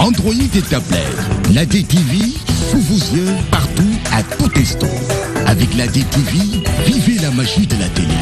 Android et tablette. La DTV, sous vos yeux, partout, à tout instant. Avec la DTV, vivez la magie de la télé.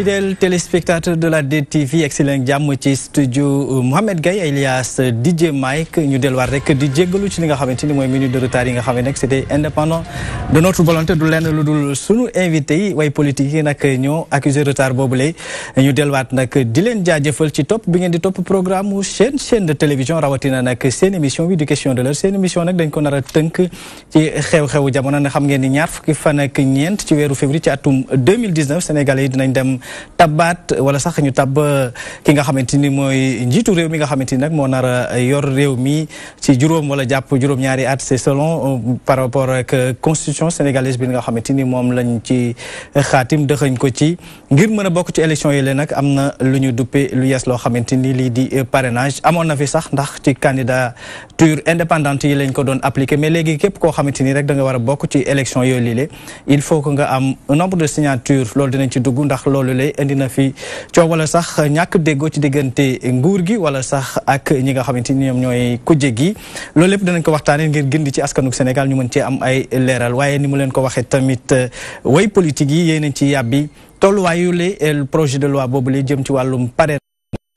fidèles téléspectateurs de la DTV excellent diam ci studio Mohamed Gaye alias DJ Mike ñu delluwaat rek DJ jéggalu ci li nga moy minute de retard yi nga xamé nek c'était indépendant de notre volonté du lenn lu dul sunu invité yi way politique yi nag ñoo accusé retard boobu lay ñu delluwaat nak di leen jaajëfal ci top bi ngeen di top programme chaîne chaîne de télévision rawatina nak seen émission bi du question de l'heure seen émission nak dañ ko nara teunk ci xew-xewu jamono na xam ngeen ni ñaar fukki fan ak ñent ci weeru février ci atum 2019 Sénégalais yi dinañ dem tabbaat wala sax ñu tabb ki nga xamante ni mooy njiitu réew mi nga xamante ni nag moo nar a yor réew mi ci juróom wala jàpp juróom-ñaari at c'est selon euh, par rapport ak constitution sénégalaise bi nga xamante ni moom lañ ci xaatim dëxëñ ko ci ngir mën a bokk ci élection yi leen nag am na lu ñu duppe lu yees loo xamante ni lii di euh, parrainage amoon na fi sax ndax ci candidature indépendante yi lañ ko doon appliqué mais léegi képp koo xamante ni rek danga nga bokk ci élection yooyu lii il faut que nga am nombre de signature loolu dinañ ci dugg ndax loolu loolee indi na fi coow wala sax ñàkk déggoo ci diggante nguur gi wala sax ak ñi nga xamante ni ñoom ñooy kujje gi loolu lépp danañ ko waxtaanee ngir gindi ci askanug Sénégal ñu mën cee am ay leeral waaye ni mu leen ko waxee tamit way politique yi yéen ci yàbbi tolluwaayu le projet de loi boobu lay jëm ci wàllum pare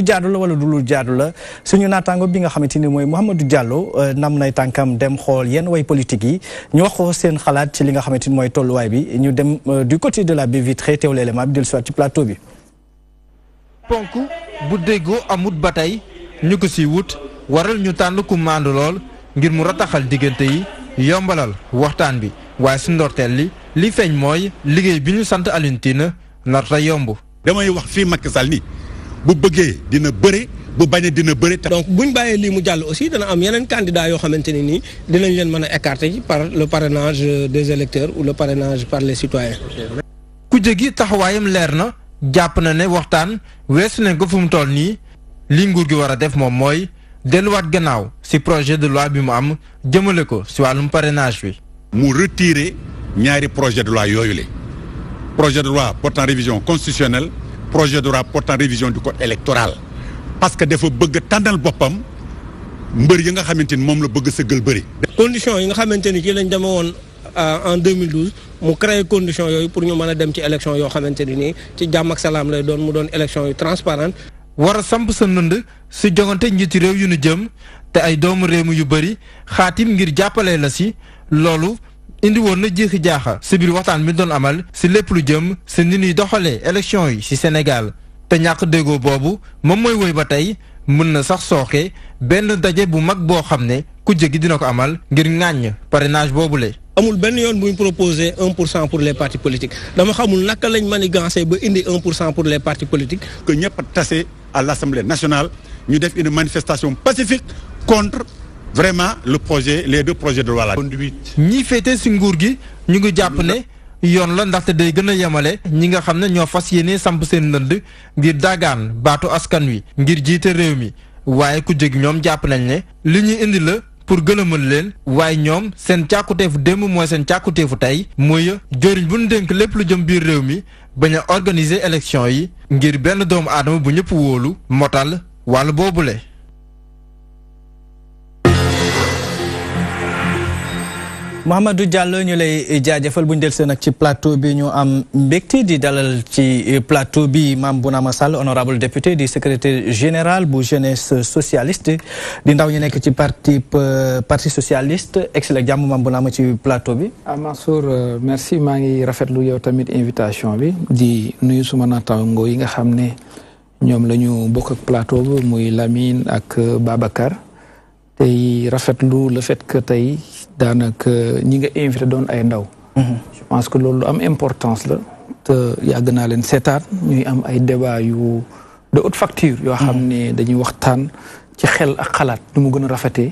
lu jaadu la wala du lu jaadu la suñu naataango bi nga xamante ni mooy Mouhamadou Diallo euh, nam nay tànkam dem xool yenn way politique yi ñu wax ko seen xalaat ci li nga xamante ni mooy tolluwaay bi ñu dem euh, du côté de la baie vitrée teewlu élément bi dellu si waat ci plateau bi. ponk bu déggoo amut ba tey ñu ko si wut waral ñu tànn ku màndu lool ngir mu rataxal diggante yi yombalal waxtaan bi waaye si ndorteel li li feeñ mooy liggéey bi ñu sant Alioune Tine nar yomb. damay bu bëggee dina bëre bu bañee dina bëre. donc buñ ñu bàyyee lii mu jàll aussi dana am yeneen candidat yoo xamante ni nii dinañ leen mën a écarter ci par le parrainage des électeurs ou le parrainage par les citoyens. ku gi taxawaayam leer na jàpp na ne waxtaan weesu nañ ko fu mu toll nii li nguur gi war a def moom mooy delluwaat gannaaw ci projet de loi bi mu am jëmale ko ci wàllum parrainage bi. mu retirer ñaari projet de loi yooyu projet de loi portant révision constitutionnelle projet de loi portant révision du code électoral parce que dafa bëgg tànnal bopam mbeur yi nga xamanteni mom moom la bëgg sëggal bëri. conditions yi nga xamanteni ci lañ demee won euh, en 2012 mu créé conditions yooyu pour ñu mëna a dem ci élection yo xamanteni ni ci jàmm ak salam lay doon mu doon élection yu transparente war a samp sa nënd si joŋante njiiti réew yu nu jëm te ay doomu réew yu bëri xaatim ngir jàppale la si loolu indi won na jéexi jaaxa si biir waxtaan mi amal si lépp lu jëm ci ni ñuy doxalee élection yi si Sénégal te ñàkk déggoo boobu moom mooy woy ba tey na sax sooke benn daje bu mag boo xam ne ku dina ko amal ngir ŋàññ amul benn yoon proposé un pour cent pour les partis politiques dama xamul naka lañ gansé ba indi un pour cent pour les partis politiques. que ñëpp tase à l'Assemblée nationale ñu def une manifestation pacifique contre vraiment le projet les deux projets de loi la. ñi fêter si ni gi ñu ngi jàpp ne yoon la ndax day gën a yemale ñi nga xam ne ñoo fas samp seen ndënd ngir daagaan baatu askan wi ngir jiite réew mi waaye ku jóg ñoom jàpp nañ ne li ñuy indi la pour gën leen waaye ñoom seen càkkuteefu démb mooy seen càkkuteefu tey jëriñ lépp lu jëm biir organiser élection yi ngir benn doomu aadama bu ñëpp wóolu motal Mouhamadou jàll ñu lay jaajëfal bu ñu dellusee nag ci plateau bi ñu am mbégte di dalal ci plateau bi bu Mame ma Sall honorable député di secrétaire général bu jeunesse socialiste di ndaw ñu nekk ci parti euh, parti socialiste ex la jàmm Mame Bounama ci plateau bi. ah euh, merci maa ngi rafetlu yow tamit invitation bi di nuyu suma naataango yi nga xam ne ñoom la ñu bokk ak plateau bi muy Lamine ak euh, Babacar tey rafetlu le fait que tey. daanaka ñi nga invité doon ay ndaw. Mhm. je pense que loolu lu am importance la. te yàgg naa leen seetaan ñuy am ay débat yu de haute facture. yoo xam mhm. ne dañuy waxtaan ci xel ak xalaat nu mu gën a rafetee.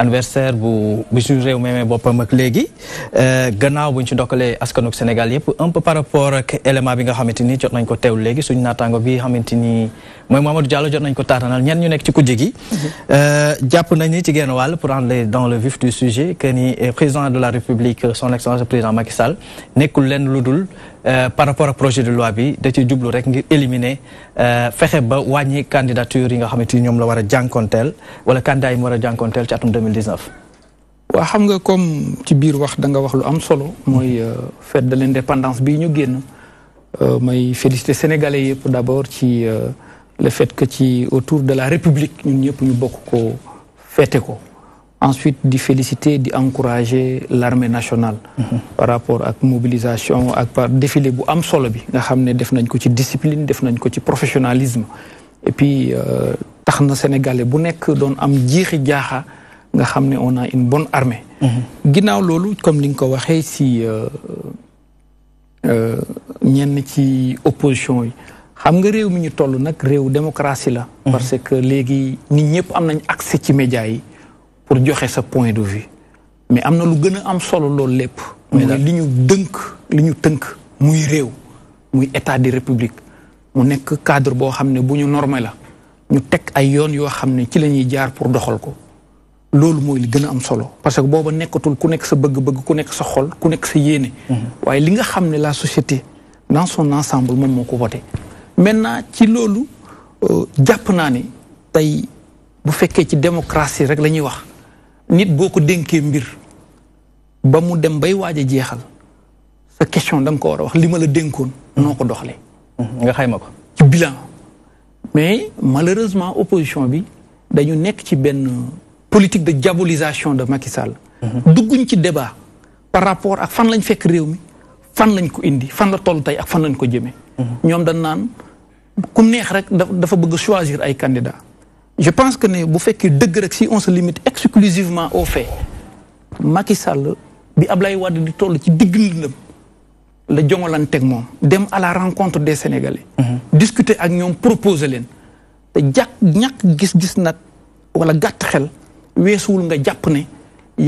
anniversaire bu bu suñu réew meemee boppam ak léegi euh, gannaaw buñ ci dokkalee askanuk Sénégal yépp un peu par rapport ak élément bi nga xamante ni jot nañ ko teew léegi suñu naataango bi xamante ni mooy Mamadou Diallo jot nañ ko taatanal ñen ñu nekk ci kujje gi. Mhm. Euh, jàpp nañ ni ci genn wàll pour rendre dans le vif du sujet que ni président de la République son excellence président Macky Sall nekkul lenn lu dul. Euh, par rapport ak projet de loi bi da ci jublu rek ngir éliminer euh, fexe ba wàññi candidature yi nga xamante ni ñoom la war a jànkonteel wala candidat yi mu war a jànkonteel ci atum 2019 waaw xam nga comme ci biir wax da nga wax lu am solo mooy euh, fête de l'indépendance bii ñu génn may félicité sénégalais yëpp d'abord ci le fait que ci autour de la république ñun ñëpp ñu bokk ko féete ko ensuite de féliciter d'encourager encourager l'armée nationale mhm. par rapport à mobilisation ak par défilé bu am solo bi nga xamné def nañ ko ci discipline def nañ ko ci professionnalisme et puis euh, tax na sénégalais bu nek don am jiixi jaxa nga xamné on a une bonne armée mhm. ginaaw lolu comme li nga ko waxé si euh, euh, ñenn ci opposition yi xam nga réew mi ñu tollu nak réew démocratie la mhm. parce que légui nit ñepp am nañ accès ci médias yi pour joxe sa point de vue mais am na lu gën a am solo loolu lépp mooy li ñu dënk li ñu tënk muy réew muy état de république mu nekk cadre boo xam ne bu ñu normé la ñu teg ay yoon yoo xam ne ci la ñuy jaar pour doxal ko loolu mooy li gën a am solo parce que booba nekkatul ku nekk sa bëgg-bëgg ku nekk sa xol ku nekk sa yéene mm-hmm. waaye li nga xam ne la société dans son ensemble moom moo ko voté maintenant ci loolu euh, jàpp naa ne tey bu fekkee ci démocratie rek la ñuy wax nit boo ko dénkee mbir ba mu dem bay waaj a jeexal sa question da ko war a wax li la dénkoon noo ko doxalee. Mhm. nga xayma ko. ci bilan mais malheureusement opposition bi dañu nekk ci benn politique de diabolisation de Macky Sall. Mhm. dugguñ ci débat par rapport ak fan lañ fekk réew mi fan lañ ko indi fan la toll tey ak fan lañ ko jëmee. Mhm. ñoom dañ naan ku neex rek dafa bëgg choisir ay candidats. je pense que que si on se limite exclusivement aux faits Macky Sall bi Ablaye Wade di toll à la rencontre des Sénégalais. Mhm. discuter avec eux, proposer les, te jàkk ñak gis-gis nak wala xel ne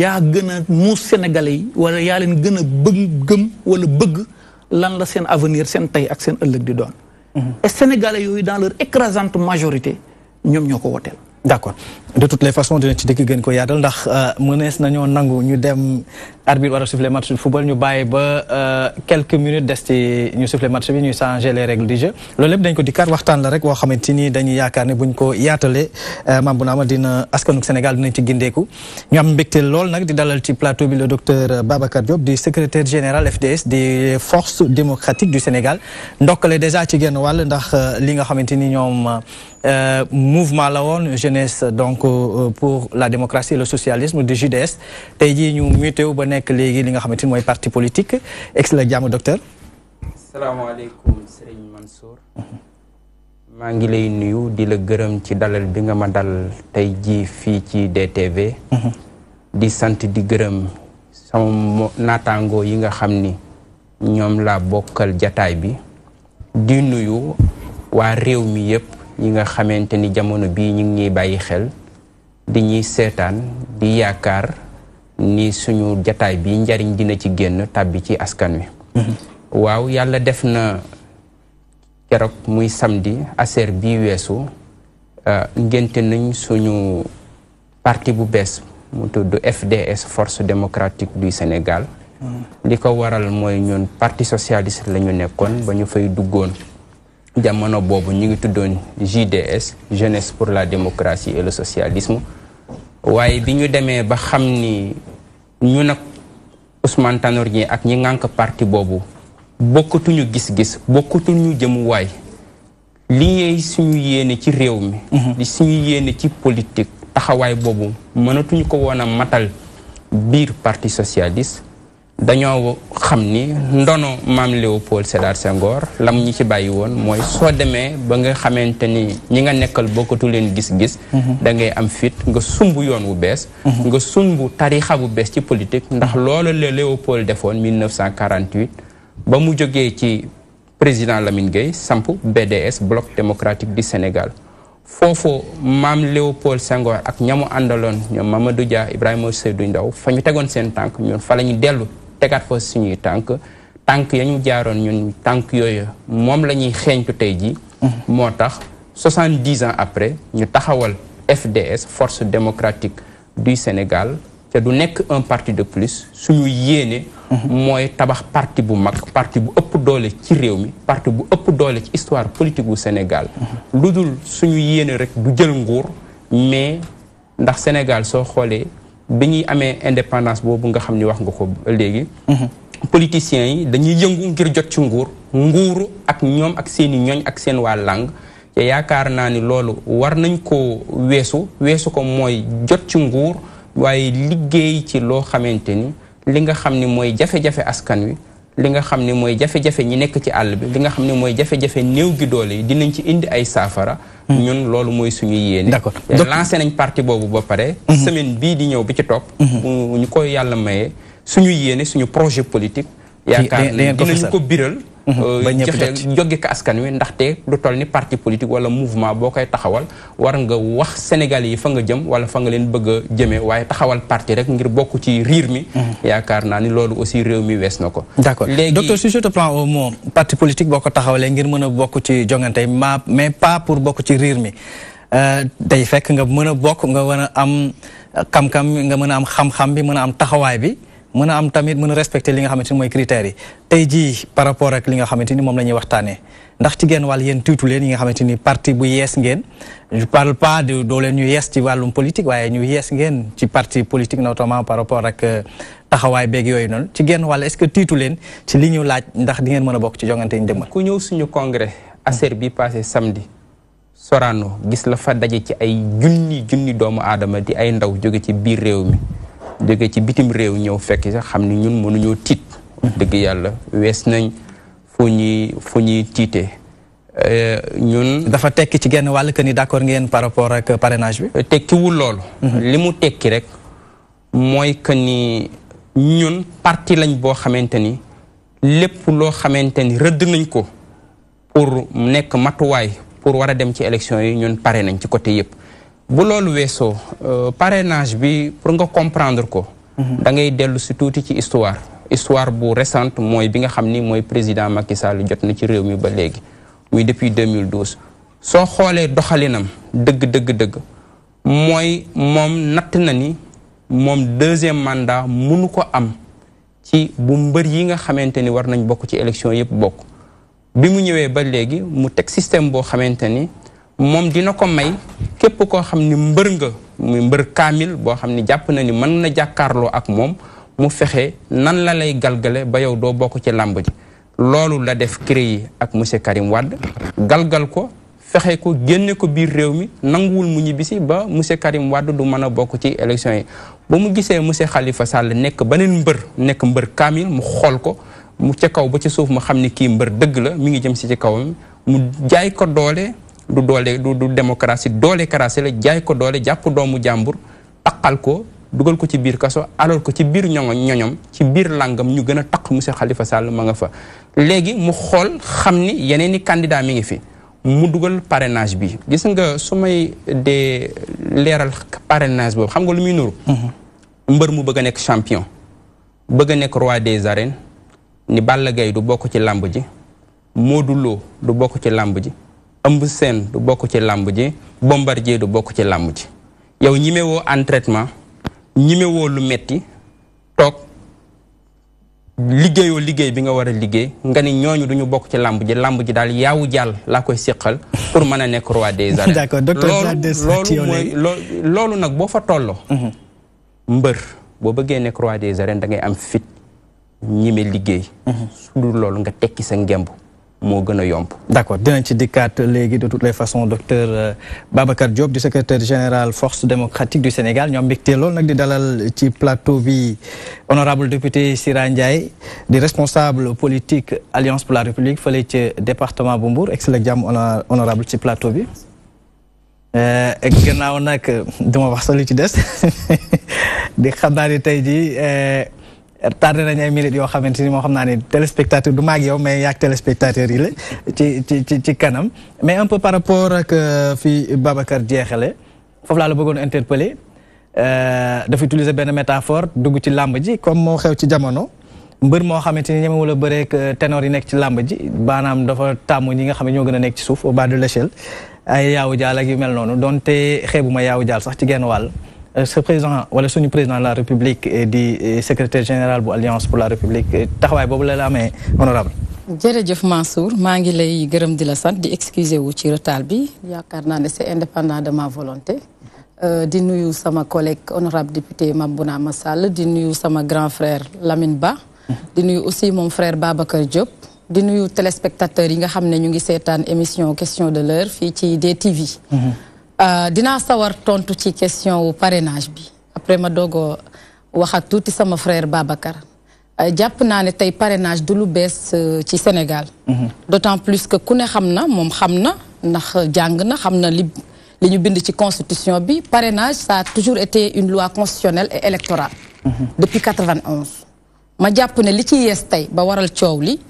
a Sénégalais wala ya leen gëna bëgg gëm wala bëgg lan la avenir seen tay ak di doon. Mhm. et Sénégalais dans leur écrasante majorité ñom ñoko wotel d'accord de toutes les façons dina ci dëgg gën ko yaatal ndax euh, mënees nañoo nangu ñu dem arbitre war a match de football ñu bàyyi ba euh, quelques minutes des ñu siffler match bi ñu changer les règles du jeu loolu lépp dañ ko dikkaat waxtaan la rek wo xamanteni ni dañuy yaakaar ne buñ ko yaatalee euh, mam bu naama dina Sénégal dinañ ci gindeeku ñu am mbégte lool nak di dalal ci plateau bi le docteur Babacar Diop di secrétaire général FDS des forces démocratiques du Sénégal ndokkale déjà ci genn wal ndax euh, li nga xamanteni ñom euh, mouvement la won jeunesse donc pour la démocratie et le socialisme du JDS tay ji ñu muté ba nekk léegi li nga xamante ni mooy parti politique excellent jàmm docteur. salaamaaleykum Serigne Mansour. maa ngi lay nuyu di la gërëm ci dalal bi nga ma dal tey jii fii ci DTV. Mhm. di sant di gërëm sama naataangoo yi nga xam ni ñoom laa bokkal jataay bi. di nuyu waa réew mi yépp ñi nga xamante ni jamono bii ñu ngi ñuy bàyyi xel di ñuy seetaan di yaakaar. ni suñu jataay bi njariñ dina ci génn tàbbi ci askan wi mm-hmm. waaw yàlla def na keroog muy samedi aser bi weesu euh, ngénte nañ suñu parti bu bees mu tudd FDS Force Démocratique du Sénégal mm-hmm. li ko waral mooy ñun parti socialiste lañu nekkoon ba ñu fay duggoon jamono boobu ñu ngi tuddoon JDS Jeunesse pour la democratie et le socialisme waaye bi ñu demee ba xam ni ñu nag Ousmane Tanor Dieng ak ñi ŋànk parti boobu bokkatuñu gis-gis bokkatuñu jëmuwaay li ngay suñu yéene ci réew mi mhm. li suñu yéene ci politique taxawaay boobu mënatuñu ko woon a matal biir parti socialiste dañoo xam ni ndono maam Léopold Sédar Senghor lam ñi ci bàyyi woon mooy soo demee ba nga xamante ni ñi nga nekkal bokkatu leen gis-gis mhm. da ngay am fit nga sumb yoon wu bees mhm. nga sumb tarixa bu bees ci politique ndax mhm. loolu la Léopold defoon 1948 ba mu jógee ci président Lamine Gueye samp BDS Bloc démocratique du Sénégal foofu maam Léopold Senghor ak ñamu àndaloon ñoom Mamadou Dia Ibrahima Seydou Ndaw fa ñu tegoon seen tànk ñun fa la ñu dellu tegaat fa suñuy tànk tànk ya ñu jaaroon ñun tànk yooyu moom la ñuy xeeñtu tey ji moo tax soixante ans après ñu taxawal FDS force démocratique du Sénégal te du nekk un parti de plus suñu yéene mooy tabax parti bu mag parti bu ëpp doole ci réew mi parti bu ëpp doole ci histoire politique bu Sénégal lu dul suñu yéene rek du jël nguur mais ndax Sénégal soo xoolee bi ñuy amee indépendance boobu nga xam ni wax nga ko léegi. Mhm. politiciens yi dañuy yëngu ngir jot ci nguur nguur ak ñoom ak seeni i ñooñ ak seen waa làng te yaakaar naa ni loolu war nañ ko weesu weesu ko mooy jot ci nguur waaye liggéey ci loo xamante ni li nga xam ni mooy jafe-jafe askan wi. li nga xam ne mooy jafe-jafe ñi nekk ci àll bi li nga xam ne mooy jafe-jafe néew gi doole yi dinañ ci indi ay saafara hmm. ñun loolu mooy suñu yéene d'accord eh, lancé nañ parti boobu ba pare hmm. semaine bii di ñëw bi ci topp hmm. bu ñu koy yàlla mayee suñu yéene suñu projet politique yaakaar ne dinañ ko biral Mhm. Euh, joxe jóge ko askan wi ndaxte lu toll ni parti politique wala mouvement boo koy taxawal war nga wax sénégal yi fa nga jëm wala fa nga leen bëgg a jëmee waaye taxawal parti rek ngir bokk ci riir mi mhm. yaakaar naa ni loolu aussi réew mi wees na ko d'accord léegi docteur si je te au mot parti politique boo ko taxawalee ngir mën a bokk ci jongante ma mais pas pour bokk ci riir mi euh, day fekk nga mën a bokk nga euh, mën a am xam-xam nga mën a am xam bi mën a am taxawaay bi mëna am tamit mëna a respecté li nga xamanteni moy mooy critères yi tay ji par rapport ak li nga xamanteni mom lañuy waxtané ndax ci wal yeen tutu leen yi nga xamanteni parti bu yes ngeen je parle pas de do leen ñu yes ci walum politique waye ñu yes ngeen ci parti politique notamment par rapport ak euh, taxaway beeg yoy non ci genn wal est-ce que tutu leen ci li ñu laaj ndax di ngeen mëna bok ci jongante ñu ku ñew suñu congrès aser bi passé samedi Sorano gis la fa dajé ci ay junni junni doomu adama di ay ndaw joggé ci biir réew mi jóge ci bitim réew ñëw fekk sax xam ni ñun mënuñoo tiit dëgg yàlla wees nañ fu ñuy fu ñuy tiitee euh, ñun dafa tekki ci genn wàll que ni d'accord ngeen par rapport ak parrainage bi tekkiwul loolu mhm. li mu tekki rek mooy que ni ñun parti lañ boo xamante ni lépp loo xamante ni rëdd nañ ko pour nekk matuwaay pour war a dem ci élection yi ñun pare nañ ci côté yëpp bu loolu weesoo euh, parenage bi pour nga comprendre ko. Mhm. da ngay dellu si tuuti ci histoire. histoire bu récente mooy bi nga xam ni mooy président Macky Sall jot na ci réew mi ba léegi muy depuis 2012. soo xoolee doxalinam dëgg dëgg dëgg mooy moom natt na ni moom deuxième mandat mënu ko am ci bu mbër yi nga xamante ni war nañ bokk ci élection yëpp bokk. bi mu ñëwee ba léegi mu teg système boo xamante ni moom dina ko may. képp koo xam ni mbër nga muy mbër kaamil boo xam ni jàpp na ni mën na jàkkaarloo ak moom mu fexe nan la lay galgale ba yow doo bokk ci làmb ji loolu la def CREI ak monsieur Karim Wade galgal ko fexe ko génne ko biir réew mi nanguwul mu ñibbisi ba monsieur Karim wàdd du mën a bokk ci élection yi ba mu gisee monsieur xalifa sàll nekk beneen mbër nekk mbër kaamil mu xool ko mu ca kaw ba ci suuf mu xam ni kii mbër dëgg la mu ngi jëm si ci kawam mu jaay ko doole du doole du du démocratie doole karaase la jaay ko doole jàpp doomu jàmbur taqal ko dugal ko ci biir kaso alal ko ci biir ñoŋo ñoñom ci biir làngam ñu gën a taq monsieur Khalifa Sall ma nga fa. léegi mu xool xam ni yeneen i candidat mi ngi fi mu dugal parrainage bi gis nga su may dee leeral parrainage boobu xam nga lu muy nuru. Mhm. mbër mu bëgg a nekk champion. bëgg a nekk roi des arènes ni Balla Gaye du bokk ci làmb ji Modou Lo du bokk ci làmb ji. Eumeu Sène du bokk ci làmb ji bombar Bombardier du bokk ci làmb ji yow ñimewoo entraînement ñimewoo lu metti toog liggéeyoo liggéey bi nga war a liggéey nga ni ñooñu duñu bokk ci làmb ji làmb ji daal yaawu jàll laa koy siqal pour mën a nekk roi des arènes d'accord docteur loolu loolu nag boo fa tolloo mhm. mbër boo bëggee nekk roi des arènes da ngay am fit ñime liggéey mhm. su loolu nga tekki sa ngemb D'accord. Nous avons de toutes les façons docteur euh, Babacar Diop du secrétaire général force démocratique du Sénégal plateau honorable député Sira responsable alliance pour la république département excellent honorable plateau euh, tardé nañ ay minutes yoo xamante ni moo xam naa ne téléspectateur du maag yow mais yaag téléspectateur yi la ci ci ci ci kanam mais un peu par rapport ak euh, fi Babacar jeexale foofu laa la bëggoon interpeller euh, dafa utiliser benn métaphore dugg ci làmb ji comme moo xew ci jamono mbër moo xamante ni ñemewul a bëreek euh, ténor yi nekk ci làmb ji baanaam dafa tàmm ñi nga xam ne ñoo gën a nekk ci suuf au bas de l'échelle ay yaawu jaal ak yu mel noonu donte xeebu ma yaawu jaal sax ci genn wàll sa euh, président wala suñu président de la république et di secrétaire général bu l'Alliance pour la république euh, taxaway bobu la la honorable jërëjëf Mansour maa ngi lay gërëm di la sante di excuser wu ci retard bi yakarna ne c'est indépendant de ma volonté euh, di nuyu sama collègue honorable député Mamouna Massal di nuyu sama grand frère Lamine Ba di nuyu aussi mon frère Babacar Diop di nuyu téléspectateurs yi nga xamné ñu ngi sétane émission question de l'heure fi ci DTV mm-hmm. Euh, dina sawar tontu ci question wu parrainage bi après ma dogo wax ak tuuti sama frère Babacar euh, jàpp naa ne tey parrainage du lu bees euh, ci Sénégal. Mhm. d'autant plus que ku ne xam na moom xam na ndax jàng na xam na li li bind ci constitution bi parrainage ça a toujours été une loi constitutionnelle et électorale. Mhm. depuis 91. ma jàpp ne li ci yees tey ba waral coow li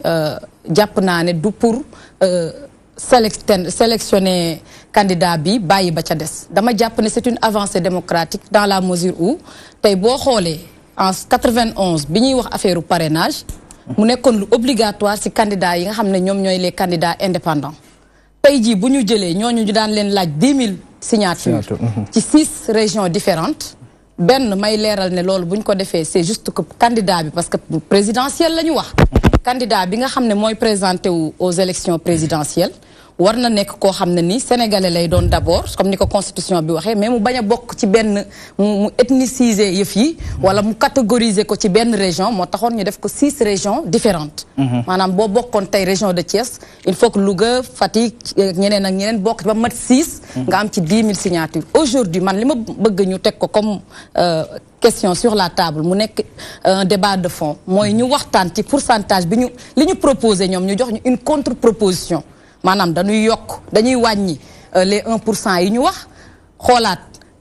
jàpp naa ne du pour sélectionner candidat bi bàyyi ba ca des c'est une avancée démocratique dans la mesure où tay bo xolé en 91 bi wax affaire parrainage mu nekkon obligatoire ci candidat yi nga xamné ñom ñoy les candidats indépendants tay ji buñu jëlé ñu daan leen laaj 10 signatures mhm. ci six régions différentes ben, may leral ne lolou buñ ko défé c'est juste que candidat bi parce que présidentiel lañu wax candidat bi nga xamné ne présenté aux élections présidentielles war na ko koo xam ni sénégalais lay doon d'abord comme ni ko constitution bi waxee mais mu baña a ci ben mu ethniciser yef yi wala mu catégoriser ko ci ben région mo taxone ñu def ko six régions différentes mhm. manam bo bokkoon tay région de Thiès il faut que Louga Fatick euh, ñeneen ak ñeneen bok ba mat six mhm. nga am ci dix signatures aujourd'hui man li bëgg ñu tek ko comme euh, question sur la table mu nek euh, un débat de fond moy ñu waxtaan ci pourcentage bi ñu li ñu proposer ñom ñu jox ñu une contre proposition manam dañuy yok dañuy euh, les 1 nous yi ñu wax xoolaat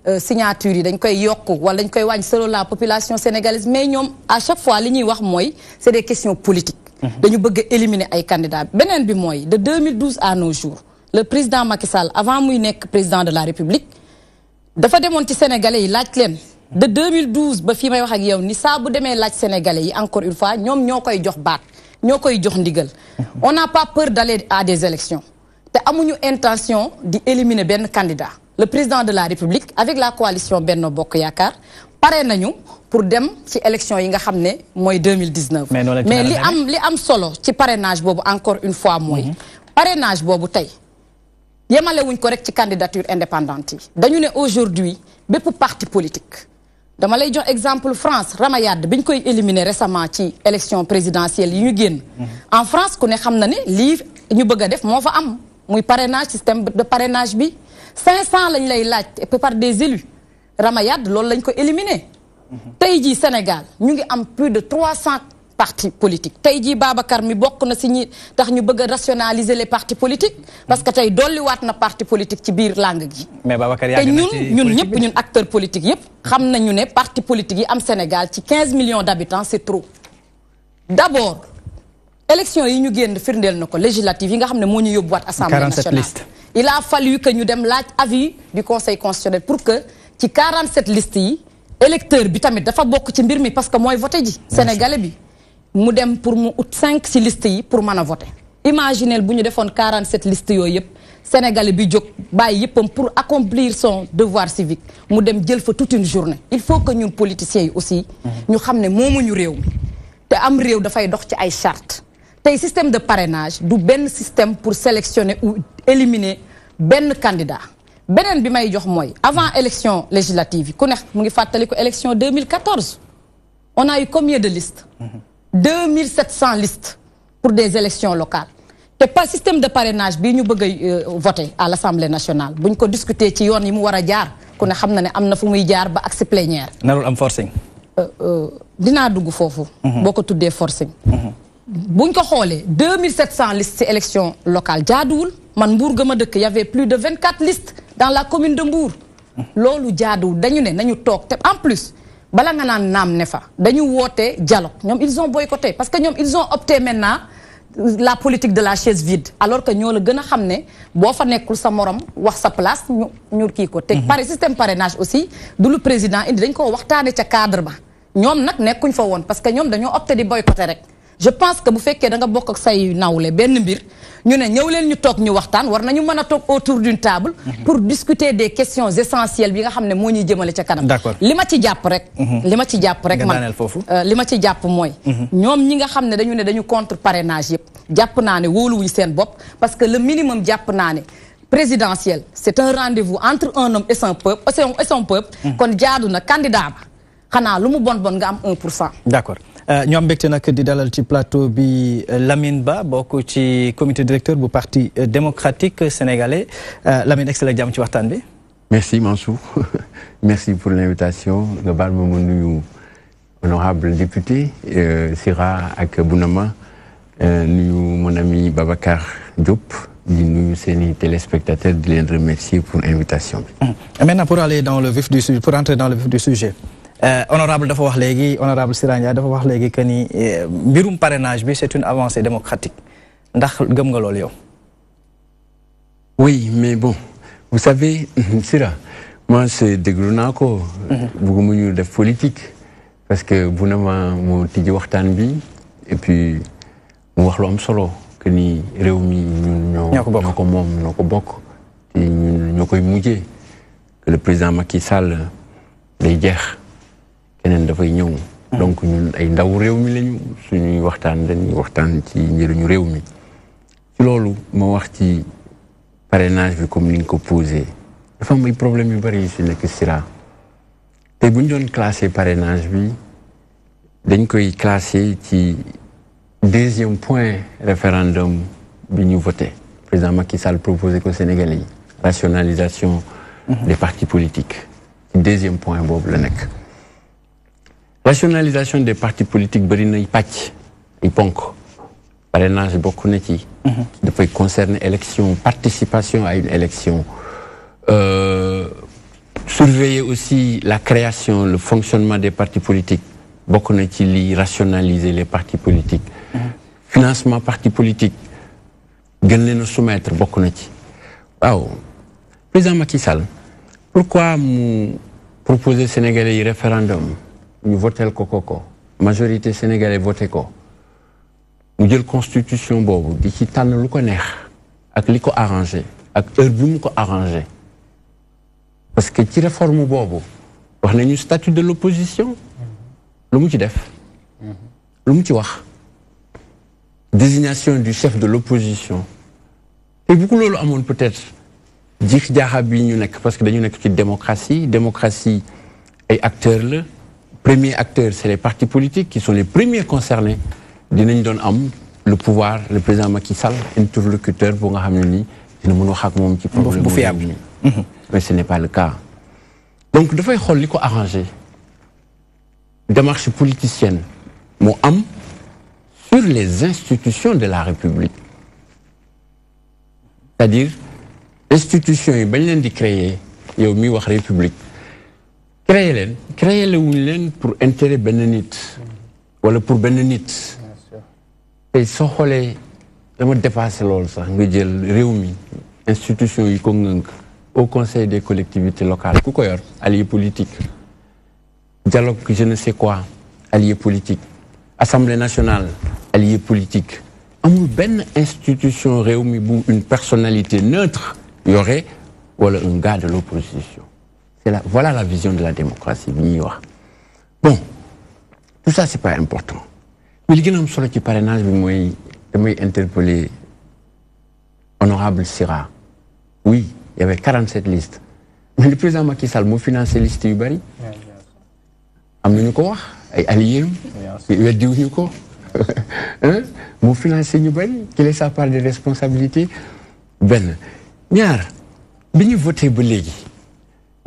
euh, signature yi dañ koy yok wala dañ koy selon la population sénégalaise mais ñom à chaque fois li ñuy wax moy c'est des questions politiques. Mhm. dañu bëgg éliminer ay candidats benen bi moy, de 2012 à nos jours le président Macky Sall avant muy nekk président de la République dafa démon ci sénégalais yi laaj leen. de 2012 ba fi may wax ak yow ni saa bu démé laaj sénégalais encore une fois ñom ñoo jox baat on n'a pas peur d'aller à des élections On amuñu intention d'éliminer éliminer candidat le président de la république avec la coalition Benno Bokk Yaakaar pare nañu pour dem ci élection yi nga 2019 mais li am li am solo ci parrainage encore une fois mooy mhm. parrainage boobu tey yemalewuñ ko rek ci candidature indépendante yi dañu ne aujourd'hui bépp parti politique dama lay jox exemple France ramayad biñ koy éliminer récemment ci élection présidentielle yi ñu génn. Mhm. en France ku ne xam na ne lii ñu bëgg a def moo fa am muy parrainage système de parrainage bi 500 lañ lay laaj par des élus ramayad Yade loolu lañ ko éliminer. Mhm. tey jii Sénégal ñu ngi am plus de 300. Parti politique. tey dit, Babacar mi bokk na ci ñi tax ñu bëgg rationaliser les partis politiques parce que doli dolliwaat na parti politique ci biir langue gi. mais Babacar te ñun ñun ñëpp ñun acteurs politiques yëpp. xam nañu né parti politique yi am Sénégal ci 15 millions d'habitants, c'est trop D'abord, l'élection élection yi ñu génn firndel nako législative yi nga xam né mo ñu assemblée nationale il a fallu que ñu dem l'avis avis du conseil constitutionnel pour que ci 47 listes yi électeurs, bi tamit dafa bokk ci mbir mi parce que moy voté ji. sénégalais bi mu dem pour mu ut cinq ci pour voter imaginez bu ñu defoon 47 listes le yëpp sénégalais bi jóg bàyyi pour accomplir son devoir civique mu dem jël fa toute une journée il faut que ñun politiciens aussi ñu xam ne moomuñu réew mi te am réew dafay dox ci ay charte système de parrainage du benn système pour sélectionner ou éliminer benn candidat beneen bi may avant élection législative yi ku ne mu ngi élection 2014 on a eu combien de listes 2700 listes pour des élections locales n'est pas système de parrainage que ñu euh, voter à l'Assemblée nationale bu ñu ko discuter ci yoon yi mu war a jaar ku ne xam na ne am na fu muy jaar ba ak si plénière. narul am forcing. Euh, euh, dinaa dugg foofu. Mhm. boo ko forcing. Mhm. buñ Vous voyez, 2700 listes ci élection locale il man y avait plus de 24 listes dans la commune de Mbour. C'est mhm. jaaduwul dañu ne nañu en plus balanga nga naan ne fa dañu woote dialogue ñom ils ont boycotté parce que ñom ils ont opté maintenant la politique de la chaise vide alors que ñoo la gën a xam ne fa nekul sa morom wax sa place ñur ki ko. té mhm. pare système parrainage aussi du le président indi dañ ko waxtané ci cadre ba ñom nak nekkuñ fa won parce que ñom dañu opté di boycotté rek. je pense que bu féké da nga bokk ak say nawlé ben mbir. Nous, ne ñëw leen ñu toog ñu war nañu autour d'une table mhm. pour discuter des questions essentielles bi nga xam ne moo ñuy jëmale ca kanam li ma ci jàpp rek mhm. li ma ci jàpp rek man nous euh, ci jàpp mooy mhm. ñoom ñi nga dañu contre parrainage parce que le minimum jàpp naa présidentiel c'est un rendez-vous entre un homme et son peuple et son peuple kon jaadu na candidat il y lu mu bon bon nga un pour d'accord euh, ñu am mbégte nag di dalal ci plateau bi euh, Lamine Ba bokk ci comité directeur du parti euh, démocratique sénégalais Lamine egsi la jàmm ci waxtaan bi. merci Mansour merci pour l'invitation. invitation nga baal ma ma nuyu honorable député Sira ak Bounama nuyu mon ami Babacar Diop. di nuyu téléspectateurs di leen remercier pour invitation bi. Mmh. maintenant pour aller dans le vif du sujet pour entrer dans le vif du sujet. Euh, honorable dafa honorable Sira dafa wax que ni euh, parrainage bi c'est une avancée démocratique oui mais bon vous savez Sira moi c'est de de mhm. bëgguma politique. parce que bu na ma mon et puis mu wax lu am solo que ni réew mi ñun ñoo. ko mom ñoo bok que le président Macky Sall keneen dafay ñëw. Mm-hmm. donc ñun ay ndaw réew waxtaan waxtaan ci parrainage comme ni ko posé dafa am ay problème si parrainage bi dañ koy deuxième point référendum bi ñu voté président Macky proposé ko Sénégalais mm-hmm. des partis politiques deuxième point boobu la rationalisation des partis politiques bëri patch, iponko par les parrainage de na qui mhm. concernent l'élection, élection participation à une élection euh, surveiller aussi la création le fonctionnement des partis politiques beaucoup na rationaliser les partis politiques mhm. financement partis politiques gën leen soumettre beaucoup na président Macky Sall pourquoi proposer proposer Sénégalais un référendum ñu voter ko ko ko majorité sénégalais voter ko mu jël constitution bobu di ci tànn lu ko neex ak li ko arrangé ak heure bi mu ko arrangé parce que ci réforme bobu wax nañu statut de l'opposition lu mu ci def lu mu ci wax désignation du chef de l'opposition Et beaucoup ko amone peut-être jiix jaha bi ñu nekk parce que dañu nekk ci démocratie démocratie ay acteurs le. Premier acteur, c'est les partis politiques qui sont les premiers concernés. le pouvoir le président Macky Sall interlocuteur mhm. mais ce n'est pas le cas. donc il faut arranger la démarche politicienne sur les institutions de la République c'est-à-dire institutions yi bañ décrées di créer yow la république créer les créer pour intérêt benn Ou pour benn Et si on les... dama dépassé dépasser sax jël institution yi au conseil des collectivités locales alliés politiques. allié politique dialogue je ne sais quoi allié politique assemblée nationale allié politique En une institution Réumi, une personnalité neutre y aurait un gars de l'opposition voilà la vision de la démocratie bi bon tout ça c'est pas important mais li gën a am solo ci parrainage bi interpellé, l'honorable interpeller honorable Sira oui il y avait 47 listes mais le président Macky Sall mon financé liste yu bari am nañu ko wax ay alliés weddiwuñu ko hein? moo financé ñu bari quelle est sa part de responsabilité ben ñaar bi ñu voté pour léegi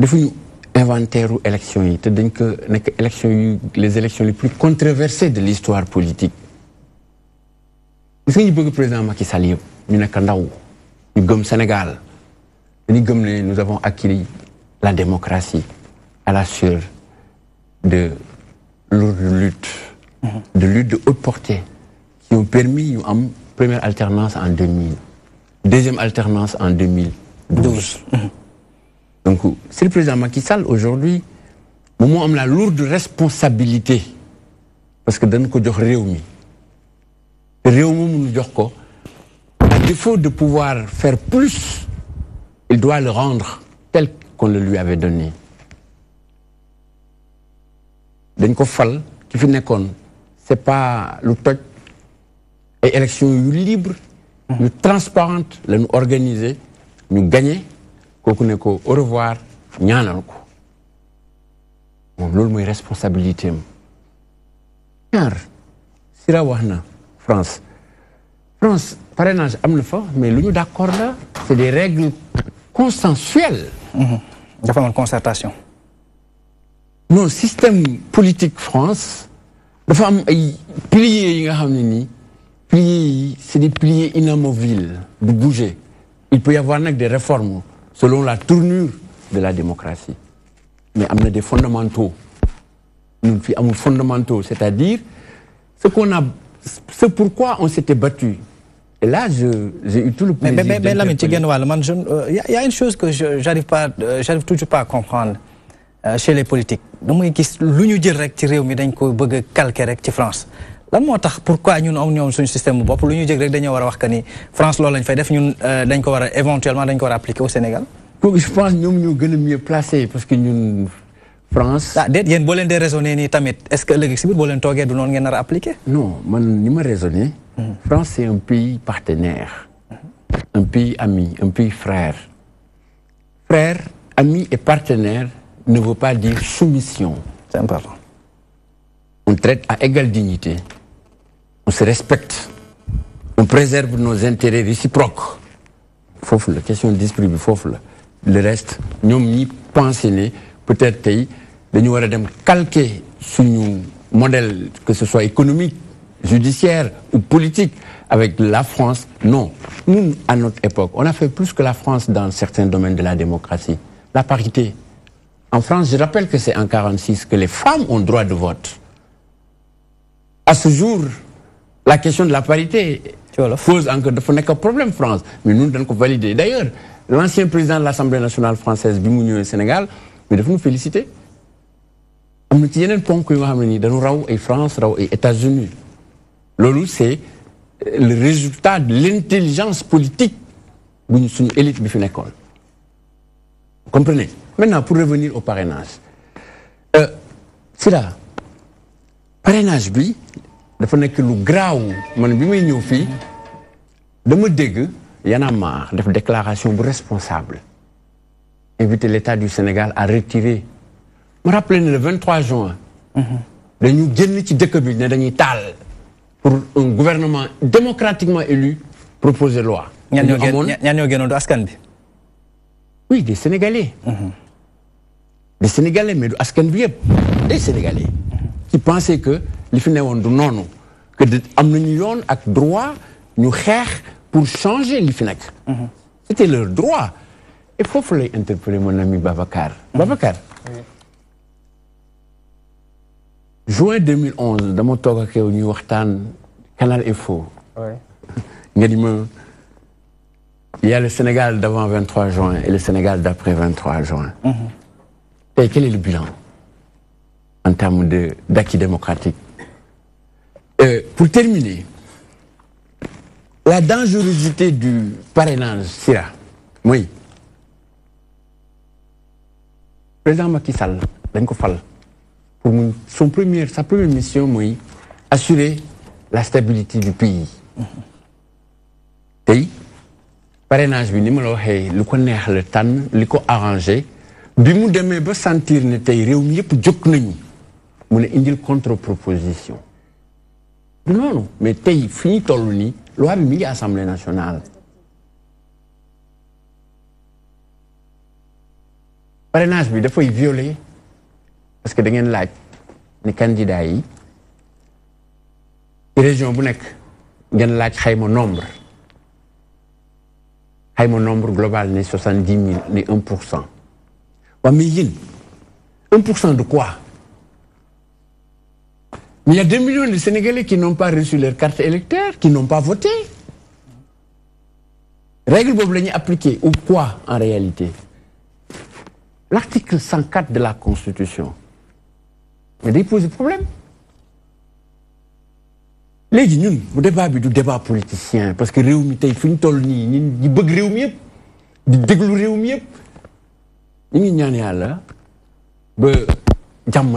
depuis inventaire ou élection les élections les plus controversées de l'histoire politique Est-ce président Macky Sall ñu Sénégal nous avons acquis la démocratie à la sueur de lourdes luttes mmh. de lutte de haute portée qui ont permis une première alternance en 2000 deuxième alternance en 2012 donc c'est le président Macky Sall aujourd'hui nous moo la lourde responsabilité parce que dañ ko jox réew mi ne réew à défaut de pouvoir faire plus il doit le rendre tel qu'on le lui avait donné dañ ko fal fait fi c'est pas lu élection libre, élections nous libres nous transparentes organiser ñu gagner, kooku ne ko au revoir ñaanal ko moom loolu mooy responsabilité Car, si la France France parrainage am fa mais lu d'accord la c'est des règles consensuelles mmh. dafa amoon concertation non système politique France dafa am ay piliers yi nga xam c'est des piliers inamovibles de bouger il peut y avoir des réformes selon la tournure de la démocratie mais y a des fondamentaux nous des fondamentaux c'est-à-dire ce qu'on a ce pourquoi on s'était battu et là, j'ai eu tout le plaisir. Mais, mais, mais il euh, y, y, a une chose que je n'arrive euh, toujours pas à comprendre euh, chez les politiques. Nous avons dit que nous avons de la France lan moo pourquoi ñun am ñoom suñu système bu bopp lu ñu jëg rek dañoo wax que ni France loolu lañ fay def ñun euh, dañ ko éventuellement dañ ko appliquer au Sénégal. je pense ñoom ñoo gën mieux placé parce que ñun France. ah déet yéen boo leen dee raisonné nii tamit est-ce que ëllëg si biir boo leen toogee du noonu ngeen appliquer. non man ni ma raisonné. Hmm. France est un pays partenaire. un pays ami un pays frère. frère ami et partenaire ne veut pas dire soumission. c'est important. On traite à égale dignité on se respecte, on préserve nos intérêts réciproques. la question de l'esprit, le reste nous ñi pensé peut-être que nous nous a calquer modèle que ce soit économique judiciaire ou politique avec la France. Non, nous, à notre époque, on a fait plus que la France dans certains domaines de la démocratie. La parité. En France, je rappelle que c'est en 1946 que les femmes ont droit de vote. À ce jour, la question de la parité pose encore de problème France mais nous, nous ko valider d'ailleurs l'ancien président de l'Assemblée nationale française bi et Sénégal mais devons-nous féliciter am na ci yeneen ponk yu nga xam ne dañu raw France raw États-Unis loolu c'est euh, le résultat de l'intelligence politique de l'élite élite bi fi comprenez maintenant pour revenir au parrainage c'est euh, là parrainage bi dafa nekk lu graw man bi may ñëw fii dama dégg yana def déclaration bu responsable éviter l'État du Sénégal à retirer ma rappelle ne le 23 juin dañu génn ci dëkk bi ne dañuy taal pour un gouvernement démocratiquement élu proposer loi ñan ñoo génnoon du askan oui des Sénégalais mhm. des Sénégalais mais du askan bi des Sénégalais qui pensaient que les fi ont du non que des nañu yoon ak droit ñu pour changer les fi mhm. c'était leur droit. et faut lay interpeller mon ami Babacar. Mhm. Babacar. juin 2011 mon toog ak New ñuy waxtaan Canal Info. nga il y a le Sénégal d'avant 23 juin et le Sénégal d'après 23 juin. Mhm. quel est le bilan en termes de d'acquis démocratique. Euh, pour terminer, la dangerosité du parrainage, Sira, oui. Le président Macky Sall, pour son première, sa première mission, oui, assurer la stabilité du pays. tey parrainage bi ni ma la waxee lu le neex la tànn arrangé bi mu demee ba sentir ne est réew mi yëpp jóg nañu une contre proposition non non mais t'es fini fini loi bi à nationale. parrainage bi violer parce que da as laaj ni candidat yi région bu as nombre un nombre global ni 70 000, ni mais de quoi mais il y a 2 millions de Sénégalais qui n'ont pas reçu leur carte électeur, qui n'ont pas voté. Règle pour appliquer, ou quoi en réalité L'article 104 de la Constitution, il pose problème. Les gens bu débat bi du débat politicien parce que réew mi fait une ñu toll nii bëgg de mi yëpp di déglu réew mi de ñu ñaan yàlla ba jàmm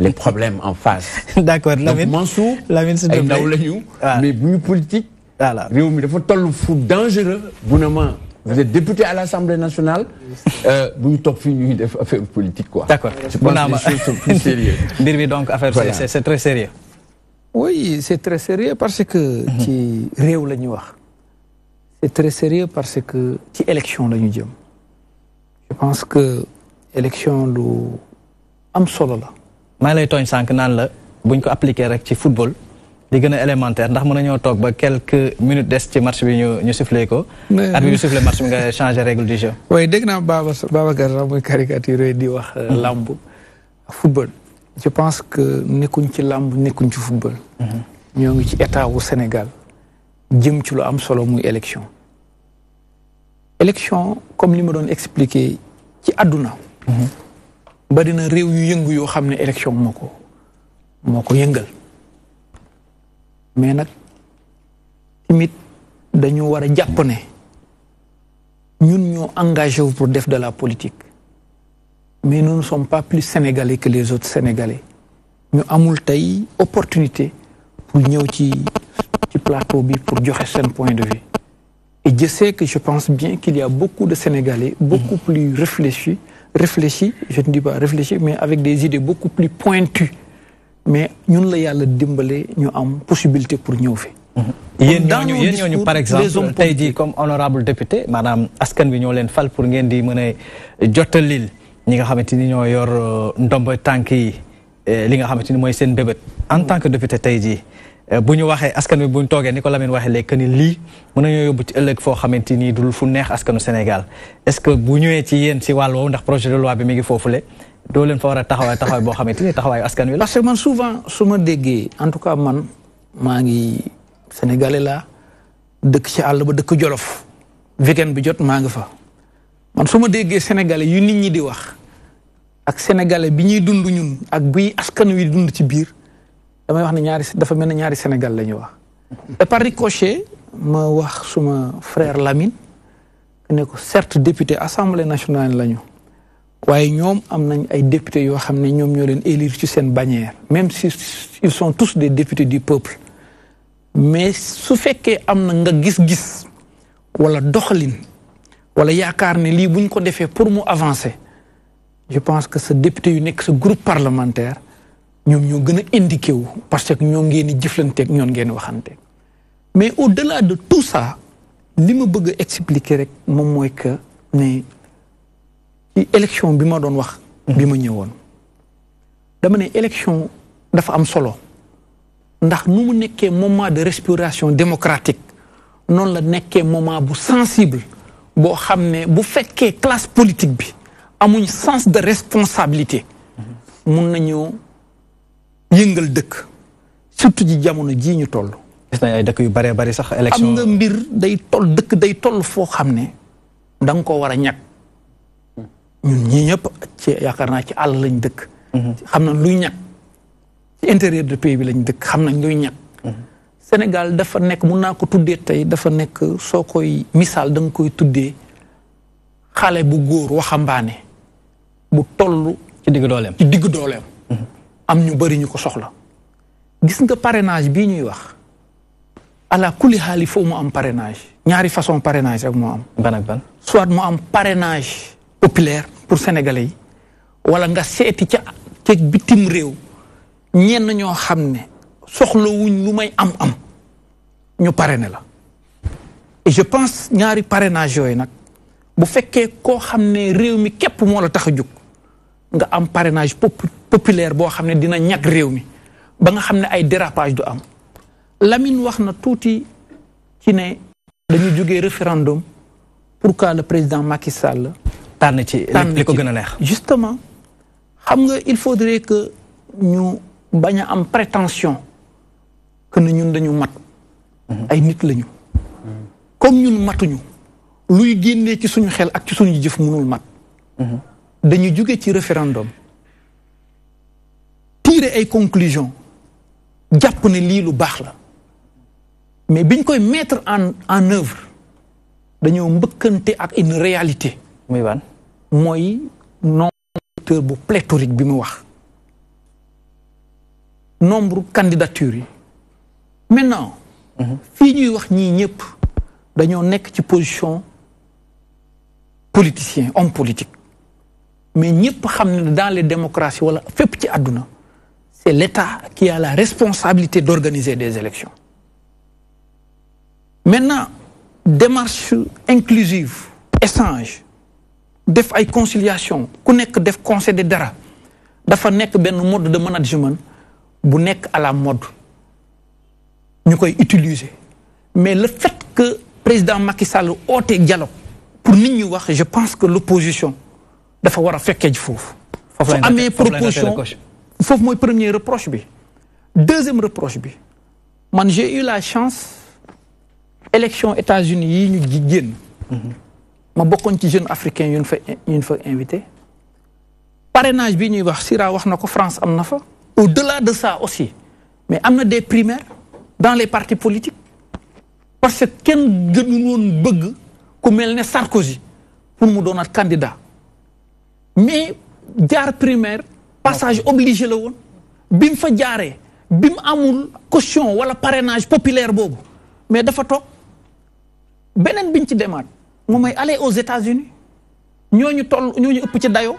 les problèmes en face. d'accord La Mansour. Lamine s'il te la mais bu politiques, politique. voilà réew mi dafa le fou dangereux. vous êtes député à l'Assemblée nationale. vous êtes fini de ñuy politique quoi. d'accord je pense que les choses sont plus sérieuses. donc c'est très sérieux. oui c'est très sérieux parce que. Mhm. ci réew la c'est très sérieux parce que ci élection la nuit jëm. je pense que l'élection, c'est am solo la maa lay tooñ sànq naan la buñ ko appliqué rek ci football di gën a élémentaire ndax mën ñoo toog ba quelques minutes des ci match bi ñu ñu sifflé ko. at bi ñu euh, sifflé match bi nga changé règle du jeu. oui dégg naa Baba Babacar sax muy caricature di wax. Euh, mm-hmm. làmb football. je pense que nekkuñ ci làmb nekkuñ ci football. Mm-hmm. ñoo ngi ci état wu Sénégal jëm ci lu am solo muy élection. élection comme li ma doon expliqué ci àdduna. Mm-hmm bari na réew yu yëngu yoo xam ne élection moo ko moo ko yëngal mais nag timit dañu war a jàpp ne ñun ñoo engagé pour def de la politique mais nous ne sommes pas plus sénégalais que les autres sénégalais ñu amul tey opportunité pour ñëw ci ci plateau pour point de vue et je sais que je pense bien qu'il y a beaucoup de sénégalais beaucoup mm-hmm. plus réfléchis réfléchis, je ne dis pas réfléchis, mais avec des idées beaucoup plus pointues. Mais nous, la yalla dimbalé, nous avons possibilité pour nous faire. Mhm. yéen ñooñu yéen ñu par exemple tey jii comme honorable député maanaam askan bi ñoo leen fal pour ngeen di mën a jottalil ñi nga xamante ni ñoo yor euh, ndomba tànk yi euh, li nga xamante ni mooy seen bébét en tant que député tey jii Eh, buñu waxé askan wi buñ togué toogee ni ko Lamine waxé lé que ni lii mën nañoo yóbbu ci ëllëg dul fu neex askanu Sénégal est-ce que bu ñëwee ci yeen ci walu ndax projet de loi bi mi ngi lé do leen fa wara taxaway taxaway bo xamanteni taxaway askan wi la. parce que man souvent suma déggé en tout cas man ma ngi sénégalais la dëkk ci ba dëkk Jolof weekend bi jot ma nga fa man suma déggé sénégalais yu nit ñi di wax ak sénégalais bi ñuy dund ñun ak bi askan wi dund ci biir. damay wax ne ñaari dafa mel ne ñaari Sénégal la ñuy wax et par ricochet ma wax suma frère Lamine ne ko certes député assemblée nationale lañu ñu waaye ñoom am nañ ay députés yoo xam ne ñoom ñoo leen élire ci seen bannière même si ils sont tous des députés du peuple mais su fekkee am na nga gis-gis wala doxalin wala yaakaar ne lii buñ ko defee pour mu avancer je pense que sa député yu nekk sa groupe parlementaire ñoom ñoo gën a indiqué wu parce que ñoom ngeen di jëflanteeg ñoon ngeen waxante mais au delà de tout ça li ma bëgg a expliquer rek moom mooy que ne ci élection bi ma doon wax. bi ma ñëwoon. dama ne élection dafa am solo ndax nu mu nekkee moment de respiration démocratique noonu la nekkee moment bu sensible boo xam ne bu fekkee classe politique bi amuñ sens de responsabilité mun nañoo. yëngal dëkk surtout ci jamono jii ñu toll. gis nañ ay dëkk yu bëree bëri sax. élection am nga mbir day toll dëkk day toll foo xam ne da nga koo war a ñàkk. ñun ñii ñëpp ci yaakaar naa ci àll lañ dëkk. Mhm. xam nañ luy ñàkk ci intérieur de pays bi lañ dëkk xam nañ luy mhm. Sénégal dafa nekk mun naa ko tuddee tey dafa nekk soo koy misaal da nga koy tuddee xale bu góor waxambaane bu toll. ci digg dooleem ci digg dooleem. am ñu bëri ñu ko soxla gis nga parrainage bii ñuy wax ala kulli xaal foofu mu am parrainage ñaari façon parrainage rek moo am. ban ak ban soit mu am parrainage populaire pour sénégalais yi wala nga seeti ca ca bitim réew ñenn ñoo xam ne soxlawuñ lu may am-am ñu parrainé la. et je pense ñaari parrainage yooyu nag bu fekkee koo xam ne réew mi képp moo la tax a jóg nga am parrainage populaire. populaire boo xam ne dina ñag réew mi ba nga xam ne ay dérapage du am Lamine wax na tuuti ci ne dañu jóge référendum pour que le président Macky Sall tànn ci li ko gën a neex justement xam nga il faut faudrait que ñu bañ a am prétention kën ne ñun dañu mat mhm. ay nit lañu comme ñun matuñu luy génnee ci suñu xel ak ci suñu jëf mënul mat mhm. dañu jóge ci référendum tirer ay conclusion diapone l'île ou lu là, la mais biñ koy mettre en en œuvre dañoo mbëkkante ak une réalité. muy ban moy nombre bu pléthorique bi mu wax nombre candidature maintenant. Mhm. fi ñuy wax ñi ñëpp dañoo nekk ci position politicien homme politique mais ñëpp xam ne dans les démocraties wala fépp ci àdduna c'est l'État qui a la responsabilité d'organiser des élections. Maintenant, démarche inclusive, échange, def ay conciliation, ku nek def des dara, dafa nek ben mode de management bu nek à la mode. Nous pouvons utiliser. Mais le fait que le président Macky Sall ôte dialogue pour nous, wax, je pense que l'opposition dafa wara féké ji fofu. amé proposition faut mon premier reproche bi deuxième reproche bi man j'ai eu la chance élection États-Unis yi ñu ji génn ma bokkoon ci jeune africain invité parrainage bi ñuy wax Sira wax France am au-delà de ça aussi mais am des primaires dans les partis politiques parce que quelqu'un de nous bëgg ku Sarkozy pour nous donner candidat mais jaar primaire passage obligé la woon bim fa jaaree bim amul caution wala parrainage populaire boobu mais dafa toog beneen biñ ci demaat moom aller aux États-Unis ñooñu toll ñooñu ëpp ci dayo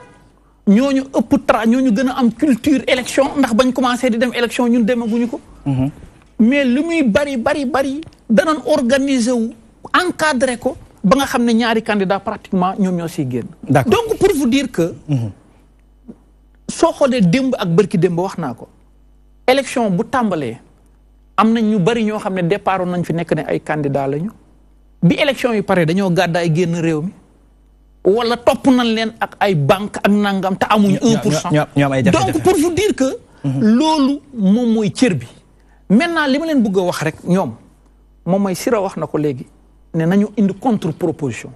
ñooñu ëpp tra ñooñu gën a am culture élection ndax bañ commencé di dem élection ñun demaguñu ko. Mhm. mais li muy bari bari bari danoon organisé wu encadré ko ba nga xam ne ñaari candidat pratiquement ñoom ñoo siy génn. donc pour vous dire que. Mhm. soo xoolee démb ak bërki démb wax naa ko élection bu tàmbalee am na ñu bari ñoo xam ne départ nañ fi nekk ne ay candidat lañu bi élection yi pare dañoo gàddaay génn réew mi wala topp nañ leen ak ay banque ak nangam te amuñ un pour cent donc pour vous dire que mhm. loolu moom mooy cër bi maintenant li ma leen bëgg wax rek ñoom moom mooy Sira wax na ko léegi ne nañu indi contre proposition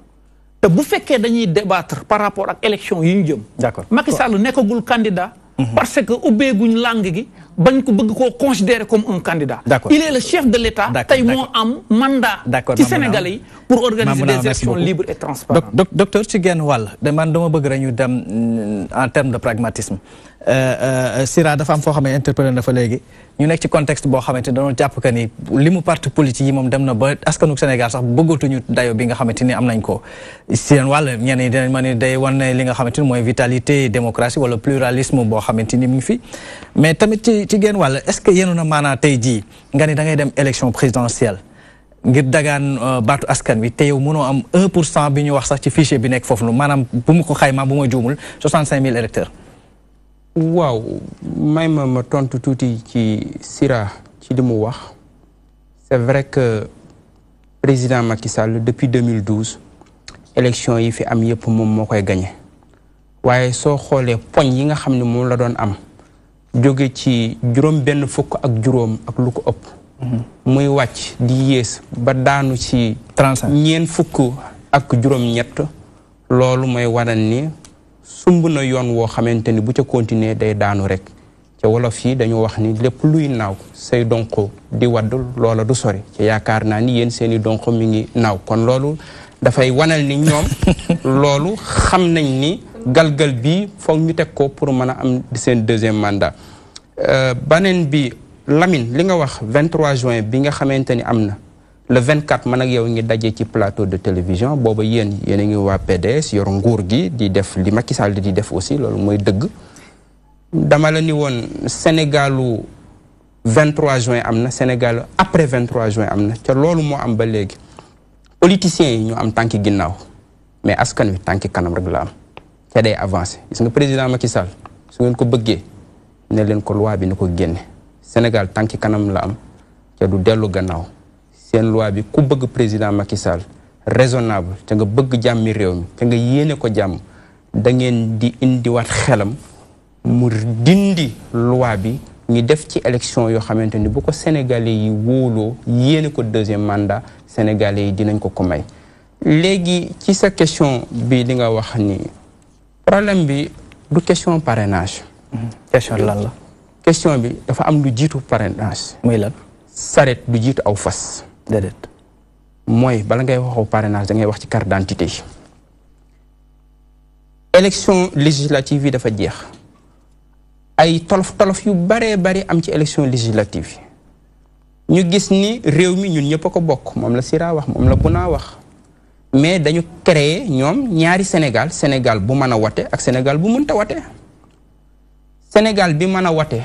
te bu fekkee dañuy débattre par raport ak élection yu ñu jëm. d'accord Macky Sall nekkagul candidat. Mhm. parce que ubbeeguñ langue gi bañ ko bëgg koo considérer comme un candidat. il est le chef de l'État. tey moo am mandat. ci Sénégalais yi pour organiser des élections libres et transparentes. docteur ci genn wàll man dama bëgg rek ñu dem euh, en terme de pragmatisme. Euh, euh, Sira dafa am foo xam ne interpellé na fa léegi ñu nekk ci contexte boo xamante ni dañoo jàpp que ni li mu parti politique yi moom dem na ba askanu Sénégal sax bëggatuñu dayo bi nga xamante ni am nañ ko seen wàll ñenn ñi dinañ ma ne day wan ne li nga xamante ni mooy vitalité démocratie wala pluralisme boo xamante ni mu ngi fi mais tamit ci ci genn est-ce que yéen a maanaa tey jii nga ni da ngay dem élection présidentielle ngir dagaan euh, baatu askan wi te yow mënoo am 1 pour cent bi ñu wax sax ci fichier bi nekk foofu noonu maanaam bu mu ko xaymaa bu ma juumul 65000 électeurs. waaw may ma tontu tuuti ci Sira ci li mu wax c'est vrai que président Macky Sall depuis 2012 élection yi fi am yépp moom moo koy gagné waaye soo xoolee poñ yi nga xam ni moom la doon am jóge ci juróom benn fukk ak juróom ak lu ko ëpp mhm. muy wàcc di yées ba daanu ci ñeen fukk ak juróom ñett loolu mooy waral ni sumb na yoon woo xamante ni bu ca continuer day daanu rek ca wolof yi dañu wax ni lépp luy naaw say donko di wadd loola du sori ca yaakaar naa ni yéen seeni donko mu ngi naaw kon loolu dafay wanal ni ñoom loolu xam nañ ni galgal bi foog ñu teg ko pour mën a am seen deuxième mandat euh, baneen bi Lamine li nga wax 23 juin bi nga xamante ni am na le 24 man ak yow ngi daje ci plateau de télévision booba yéen yéen a ngi waa PDS yor nguur gi di def li Macky Sall di def aussi loolu mooy dëgg dama la ni woon Sénégalu 23 juin am na Sénégalu après 23 juin am na ca loolu moo am ba léegi politiciens yi ñu am tànki ginnaaw mais askan wi tànki kanam rek la am ca day avancé gis nga président Macky Sall su ngeen ko bëggee ne leen ko loi bi na ko génnee Sénégal tànki kanam la am ca du dellu gannaaw seen loi bi ku bëgg président Macky Sall raisonnable te nga bëgg jàmmi réew mi te nga yéene ko jàmm da ngeen di indiwaat xelam mu dindi loi bi ñu def ci élection yoo xamante ni bu ko sénégalais yi wóoloo yéene ko deuxième mandat sénégalais yi dinañ ko ko may léegi ci sa question bi li nga wax ni problème bi du question parrainage question lan bi dafa am lu jiitu parenage muy du jiitu aw fas déedéet mooy bala ngay waxu naa da ngay wax ci carte d'identité yi élection législative yi dafa jeex ay tolof tolof yu baree bari am ci élection législative ñu gis ni réew mi ñun ñëpp ko bokk moom la Sira wax moom la Buna wax mais dañu créer ñoom ñaari Sénégal Sénégal bu mën a wate ak Sénégal bu mënta wate Sénégal bi mën a wate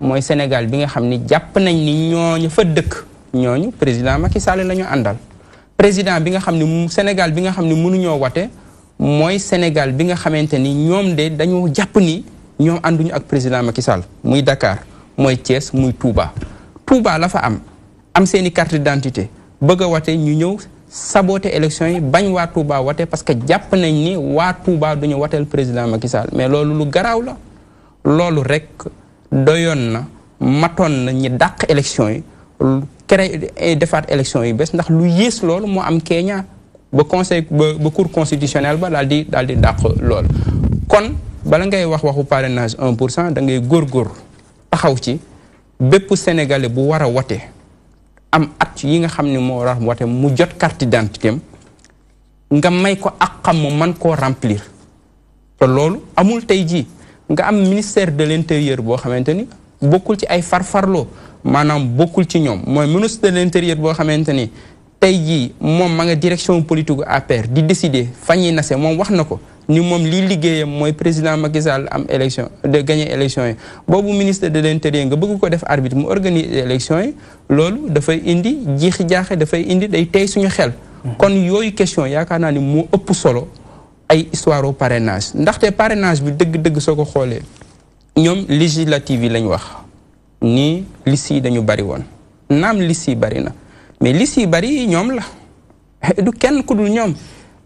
mooy Sénégal bi nga xam ni jàpp nañ ni ñooñu fa dëkk ñooñu président Macky Sall la ñu àndal président bi nga xam ne Sénégal bi nga xam ne mënuñoo wate mooy Sénégal bi nga xamante ni ñoom de dañoo jàpp ni ñoom ànduñu ak président Macky Sall muy Dakar mooy Thiès muy Touba. Touba lafa am am seen i carte d'identité bëgg a wate ñu ñëw saboter élection yi bañ waa Touba wate parce que jàpp nañ ni waa Touba duñu wateel président Macky Sall mais loolu lu garaaw la loolu rekk doyoon na matoon na ñi dàq élection yi. créé ay defaat élection yi bees ndax lu yées lool mo am Kenya ba conseil ba ba cour constitutionnel ba daldi daldi lool kon bala ngay wax waxu parrainage 1 gur da ngay gor taxaw ci bépp sénégalais bu wara am at yi nga xamni mo wate war wote mu jot carte d'identité nga may ko akam xam mu remplir lool amul tay ji nga am ministère de l'intérieur bo xamanteni bokul ci ay farfarlo maanaam bokkul ci ñoom mooy ministre de l'intérieur boo xamante ni tey jii moom ma nga direction politique APR di décider fa ñuy nase moom wax na ko ni moom lii liggéeyam mooy président Macky am élection de gagner élection yi boobu ministre de l'intérieur nga bëgg ko def arbitre mu organiser élection yi loolu dafay indi jiixi jaaxe dafay indi day tey suñu xel kon yooyu question yaakaar naa ni moo ëpp solo ay histoire au ndaxte parrainage bi dëgg soo ko xoolee ñoom législative yi lañ wax nii liste yi dañu bari woon naam liste yi bari na mais liste yi bari ñoom la du kenn ku dul ñoom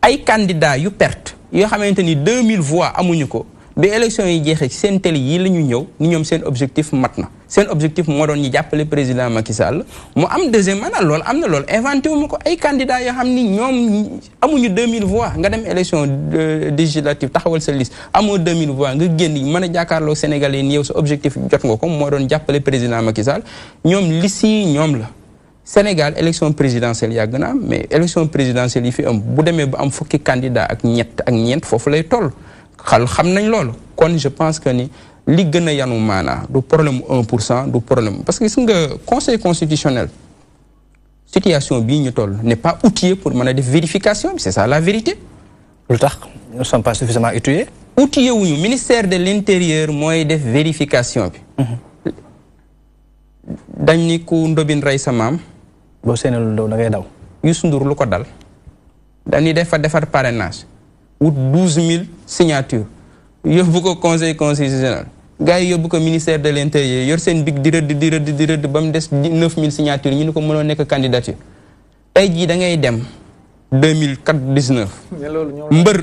ay candidats yu perte yoo xamante ni 2000 voix amuñu ko bi élection yi jeexee seen télé yii la ñu ñëw ni ñoom seen objectif mat na seen objectif moo doon ñu jàppale président Macky Sall mu am deuxième mandat loolu am na loolu inventé wu ma ko ay candidats yoo xam ni ñoom amuñu 2000 voix nga dem élection euh, législative taxawal sa liste amoo 2000 voix nga génn mën a jàkkaarloo Sénégalais yi yow sa objectif jot nga ko moo doon jàppale président Macky Sall ñoom liste yi ñoom la. Sénégal élection présidentielle yàgg na mais élection présidentielle yi fi am bu demee ba am fukki candidat ak ñett ak ñeent foofu lay toll je pense que ni li du problème un parce que le conseil constitutionnel situation n'est pas outillé pour mën des vérifications. c'est ça la vérité nous ne sommes pas suffisamment étudiés. outillé ministère de l'intérieur mooy def vérification bi mhm. dañ ni ku ndobin lu dal wut douze mille signatures yóbbu ko conseil constitutionnel gars yi yóbbu ko ministère de l' intérieur yor seen big di rëdd di rëdd di rëdd ba mu des neuf mille signatures ñu ni ko mënoo nekk candidature tey jii da ngay dem deux mille quatre dix neuf mbër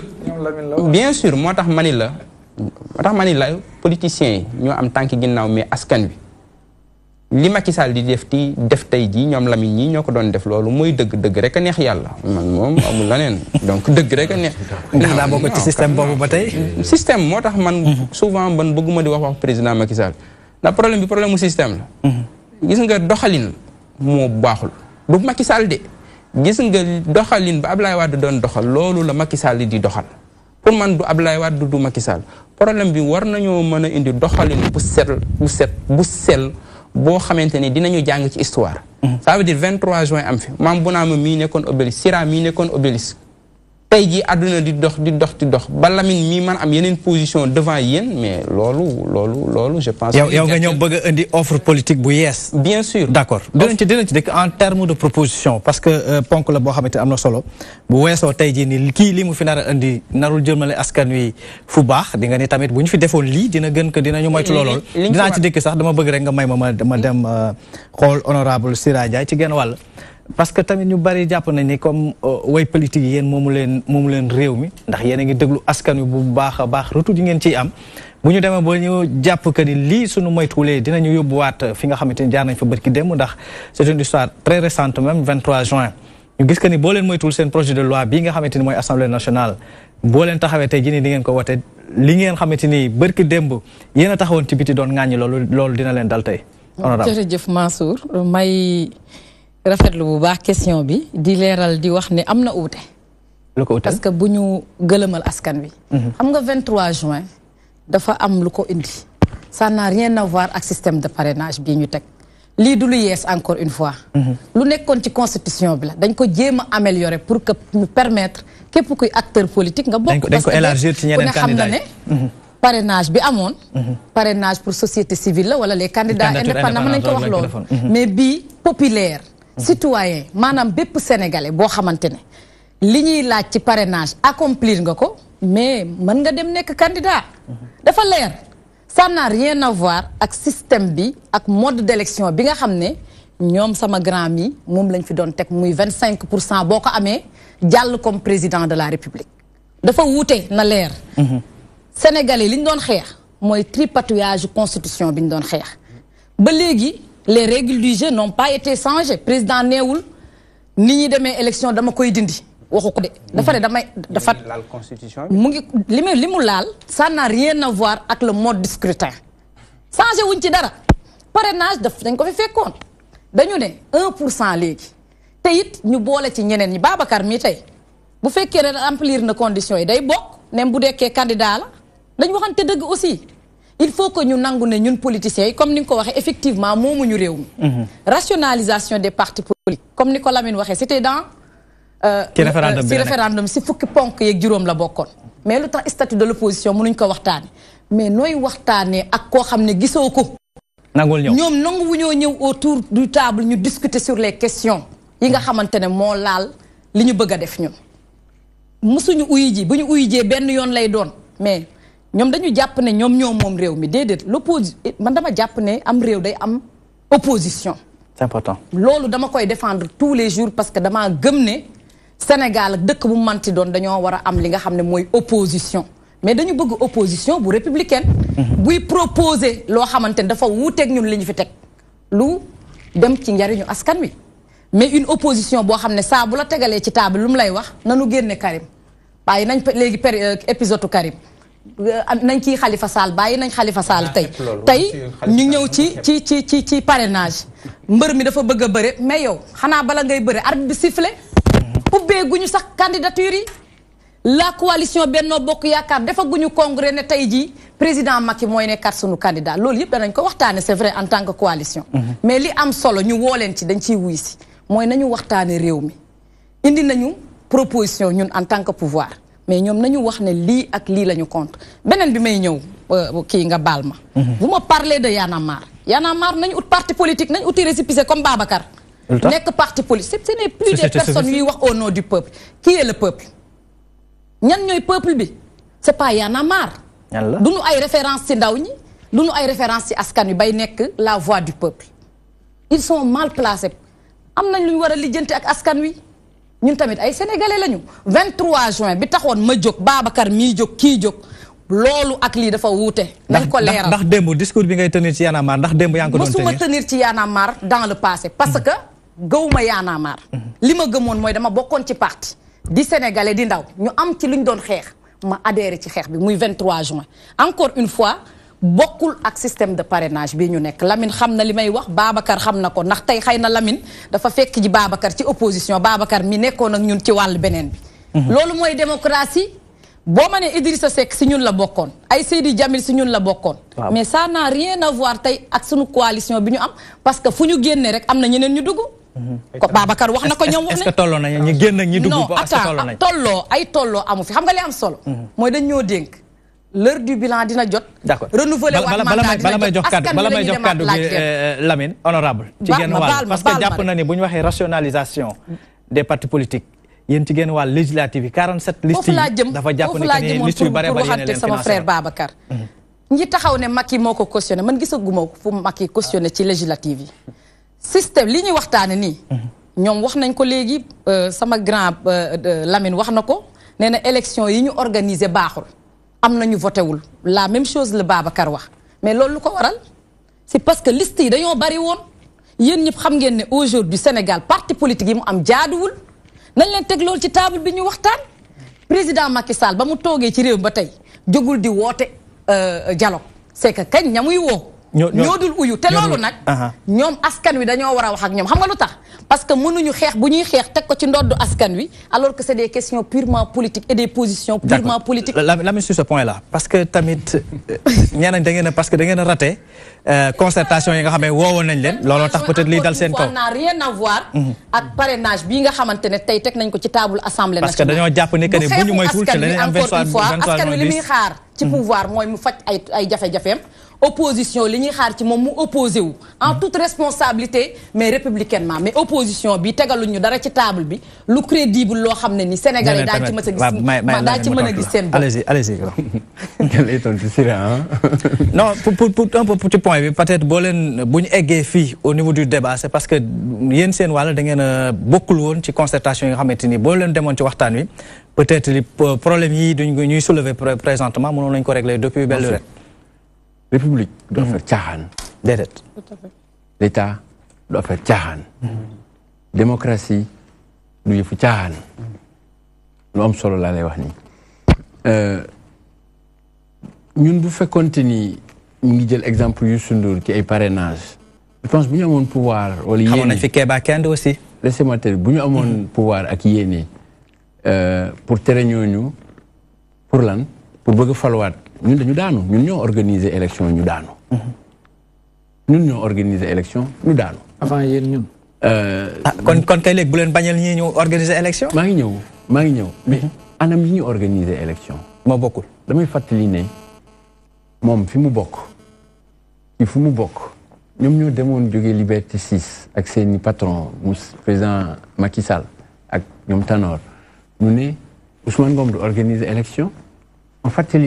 bien sûr moo tax mani la moo tax mani la politiciens yi ñoo am tànk ginnaaw mais askan wi li Macky Sall di def ti def tey jii ñoom Lamine ñi ñoo ko doon def loolu mooy dëgg dëgg rek a neex yàlla man moom amul leneen donc dëgg rek a neex. ndax boo ko ci système boobu ba tey. système moo tax man souvent man bëgguma di wax wax président Macky Sall ndax problème bi problème mu système la. gis nga doxalin moo baaxul du Macky Sall de gis nga doxalin ba Ablaye Wade doon doxal loolu la Macky Sall di doxal pour man du ab Ablaye Wade du Macky Sall problème bi war nañoo mën a indi doxalin bu sel bu set bu sel. boo xamante ni dinañu jàng ci histoire mhm. ça juin am fi maam bu naa ma mii nekkoon sira mii nekkoon obélisque tey jii àdduna di dox di dox di dox ba Lamine mii man am yeneen position devant yéen mais loolu loolu loolu je pense. yow nga ñëw bëgg indi offre politique bu yees. bien sûr d' accord dinañ ci dinañ ci dëkk en terme de proposition parce que euh, ponk la boo xamante am na solo bu weesoo tey jii ni kii lii mu fi nar a indi narul jëmale askan wi fu baax di nga ni tamit bu ñu fi defoon lii dina gën que dinañu moytu loolool. dinaa ci dëkk sax dama bëgg rek nga may ma ma dem euh, xool honorable Sira ci genn wàll. parce que tamit ñu bari jàpp nañ ni comme euh, way politique yi yéen moomu leen moomu leen réew mi ndax yéen a ngi déglu askan wi bu baax a baax retour yi ngeen ciy am bu ñu demee ba ñu jàpp que ni lii suñu moytuwulee dinañu yóbbuwaat fi nga xamante ni jaar nañ fa bërki démb ndax c'est une histoire très récente même 23 juin ñu gis que ni boo leen moytuwul seen projet de loi bii nga xamante ni mooy assemblée nationale boo leen tey jii nii di ngeen ko wote li ngeen xamante ni bërki démb yéen a taxawoon ci biti doon ŋàññi loolu loolu dina leen dal tey honorable jërëjëf Mansour may rafetlu bu baax question bi di leeral di wax ne am na uute parce que bu ñu gëlëmal askan bi mhm. xam nga 23 juin dafa am lu ko indi ça n'a rien à voir ak système de parrainage bi ñu teg lii du lu yees encore une fois mhm. lu nekkoon ci constitution bi la dañ ko jéem a améliorer pour que ñu permettre képp kuy acteur politique nga bokk dañ ko élargir ci ñeneen candidat ne mhm. parrainage bi amoon parrainage pour société civile la wala les candidats indépendants mën nañ ko wax loolu mais bii populaire citoyen manam bép sénégalais bo xamante ne li ñuy laaj ci parrainage accomplir nga ko mais mën nga dem nek candidat dafa lèr ça n'a rien à voir ak système bi ak mode d'élection bi nga xamné ne sama grand mi mom lañ fi don tek muy 25% boko pour jall comme président de la république dafa wouté na lèr mhm. sénégalais liñ ñu doon xeex mooy tripatouillage constitution biñ ñu doon ba légui les règles du jeu n'ont pas été changées président Néoul ni de mes élections dama koy dindi de. dafa constitution ça n'a rien à voir avec le mode de scrutin. changé wuñ ci dara. parrainage Le dañ ko fi dañu 1 pour cent te ñu ci ñi Babacar bu remplir na conditions yi day bokk n'a bu candidat la dañ waxante aussi il faut que nous nangu ne politiciens comme ni ko nous effectivement moomuñu réew mhm. rationalisation des partis politiques comme Nicolas ko c'était dans. Euh, ci référendum euh, référendum si fukki ponk yeeg juróom la bokkoon. mais le statut de l'opposition mënuñ ko waxtaane mais nous waxtaanee ak koo xam ne lavons ko. nangul ñëw ñoom autour du table ñu discuter sur les questions. yi nga xamante ne nous laal li ñu bëgg a def ñun. mësuñu uyu ji bu ñu uyu jee yoon lay doon mais ñom dañu jàpp ne ñoom ñoo moom réew mi dédét l'opposition eh, man dama japp ne am réew day am opposition. c'est important lolu dama koy défendre tous les jours parce que dama gëm ne Sénégal ak dëkk bu manti doon dañoo wara am li nga xam moy opposition mais dañu bëgg opposition bu républicaine. Mhm. buy proposer loo xamante ne dafa ak ñun li fi teg lu dem ci njariñu askan wi. mais une opposition boo xam ne saa bu la tegalee ci table lu mu lay wax nanu génne Karim bàyyi nañ léegi euh, épisode Karim. Euh, nañ kii Khalifa Sall bàyyi nañ xalifa Sall ah, tey tey ñu ñëw ci ci ci ci ci parrainage mbër mi dafa bëgg a bëre mais yow xanaa bala ngay bëre arbitre bi sifflé mhm. ubbee guñu sax candidature yi la coalition Benno Bokk Yaakaar dafa guñu congrès ne tey jii président Macky mooy nekkaat sunu candidat loolu yëpp danañ ko waxtaane c'est vrai en tant que coalition mhm. mais li am solo ñu woo leen ci dañ ciy wuy si mooy nañu waxtaane réew mi indi nañu proposition ñun en tant que pouvoir mais ñoom nañu wax ne lii ak lii la ñu compte beneen bi may ñëw euh, kii nga baal ma. Mhm. bu ma parler de Y'en a marre Y'en a marre nañu ut parti politique nañu uti récépissé comme Babacar. nekk parti politique ce n'est plus des personnes yuy wax au nom du peuple. qui est le peuple ñan ñooy peuple bi c'est pas Y'en a marre. du ñu ay référence ci ndaw ñi du ñu ay référence ci askan wi bay nekk la voix du peuple ils sont mal placés am nañ lu ñu war a lijjanti ak askan wi. ñun tamit ay sénégalais lañu 23 juin bi taxoon ma jóg Babacar mii jóg kii jóg loolu ak lii dafa wuute. nañ ko leeral ndax démb discours bi ngay tenir ci Y'en a marre yaa ngi ko doon tenir mosuma ci Y'en a marre dans le passé. parce que gëwuma Y'en a mhm. li ma gëmoon mooy dama bokkoon ci parti. di sénégalais di ndaw ñu am ci li ñu doon xeex ma adhéré ci xeex bi muy 23 juin encore une fois. bokkul ak système de parrainage bi ñu nekk Lamine xam na li may wax Babacar xam na ko ndax tay xëy na Lamine dafa fekk ji Babacar ci opposition Babacar mi nekkon ak ñun ci wàll beneen bi. Mhm. loolu mooy démocratie boo ma ne Idrissa sek si ñun la bokkoon ay Seydi Jamil si ñun la bokkoon. mais ça n'a rien à voir tey ak suñu coalition bi ñu am parce que fu ñu génnee rek am na ñeneen ñu dugg. Mhm. ko Babacar wax na ko ñoom wax ne est-ce que ñu génn ak ñi dugg. non na tolloo ay tolloo amu fi xam nga li am solo. moy mhm. dañ ñoo denk leur du bilan dina jot. d'accord renouveler waat mandat dina jot askan wi la ñuy demaat laaj teel euh, euh, Lamine honorable ci genn wàll parce que jàpp na ni bu waxee rationalisation des partis politiques yéen ci genn wàll législative yi 47 listes yi dafa jàpp ne que ni liste yu bare bare yéen a leen sama frère Babacar. Mhm. ñi taxaw ne Macky moo ko cautionné man gisaguma fu Macky cautionné ci législative yi. système li ñuy waxtaane nii. Mhm. ñoom wax nañ ko léegi euh, sama grand Lamine wax na ko nee na élection yi ñu organiser baaxul. am nañu voté wul la même chose la Babacar wax mais loolu lu ko waral c'est parce que list yi dañoo bari woon yéen ñëpp xam ngeen ne aujourd'hui Sénégal parti politique yi mu am jaaduwul nañ leen teg loolu ci taabul bi ñu waxtaan président Macky Sall ba mu toogee ci réew ba tey jógul di woote euh, dialogue c'est que kañ muy woo ñoo dul uyu té lolu nak ñom askan wi dañoo wara wax ak ñom xam nga lu tax parce que ñu xeex bu ñuy xeex teg ko ci ndoddu askan wi alors que c'est des questions purement politiques et des positions purement politiques la même sur ce point là parce que tamit euh, ñeneen da ngeen parce que da ngeen raté euh, concertation yi nga xamé ne woowoon nañ leen lolu tax peut-être li dal seen kaw n'a rien à voir mhm. ak parrainage bi nga xamante tay tey nañ ko ci table assemblée parce que dañoo japp ne que ne bu ñu moytuwul ci la encore une fois askan wi li muy xaar ci mhm. pouvoir moy mu fajj ay ay jafe opposition li ñuy xaar ci mom mu opposé wu en toute responsabilité mais républicainement mais opposition bi ñu dara ci table bi lu crédible lo xamné ni Sénégalais daa ci mën a gis ci mëna gis seen allez-y allez-y lay tontu si non pour pour un peu tu point peut-être bo len bu ñu fi au niveau du débat c'est parce que yeen sen wàll da ngeen a bokkul woon ci concertation yi nga xamante ni boo leen demoon ci waxtaan wi peut-être les euh, problèmes yi duñ ñuy soulever présentement mënoon lañ ko régler depuis belle lurette république doit mm-hmm. faire Tchahan. L'État l'état faire faire La démocratie doit faire Nous mm-hmm. mm-hmm. Nous euh, ñun exemple parrainage je pense nous avons le pouvoir. aussi. laissez-moi dire, nous avons le pouvoir euh, pour pour lan pour bëgg ñun dañu daanu ñun ñoo organiser élection ñu daanu. ñun ñoo organiser élection ñu daanu. avant yeen ñun. Euh, ah kon kon tey léegi bu leen bañal ñi ñu organiser élection. maa ngi ñëw maa ngi ñëw. mais mhm. anam yi ñu organiser élection. moo bokkul damay fàttali ne moom fi mu bokk ci fu mu bokk. ñoom ñoo demoon jógee Liberté 6 ak seeni patron mu président Macky Sall ak ñoom Tanor ñu ne Ousmane Ngom du organiser élection. En fait,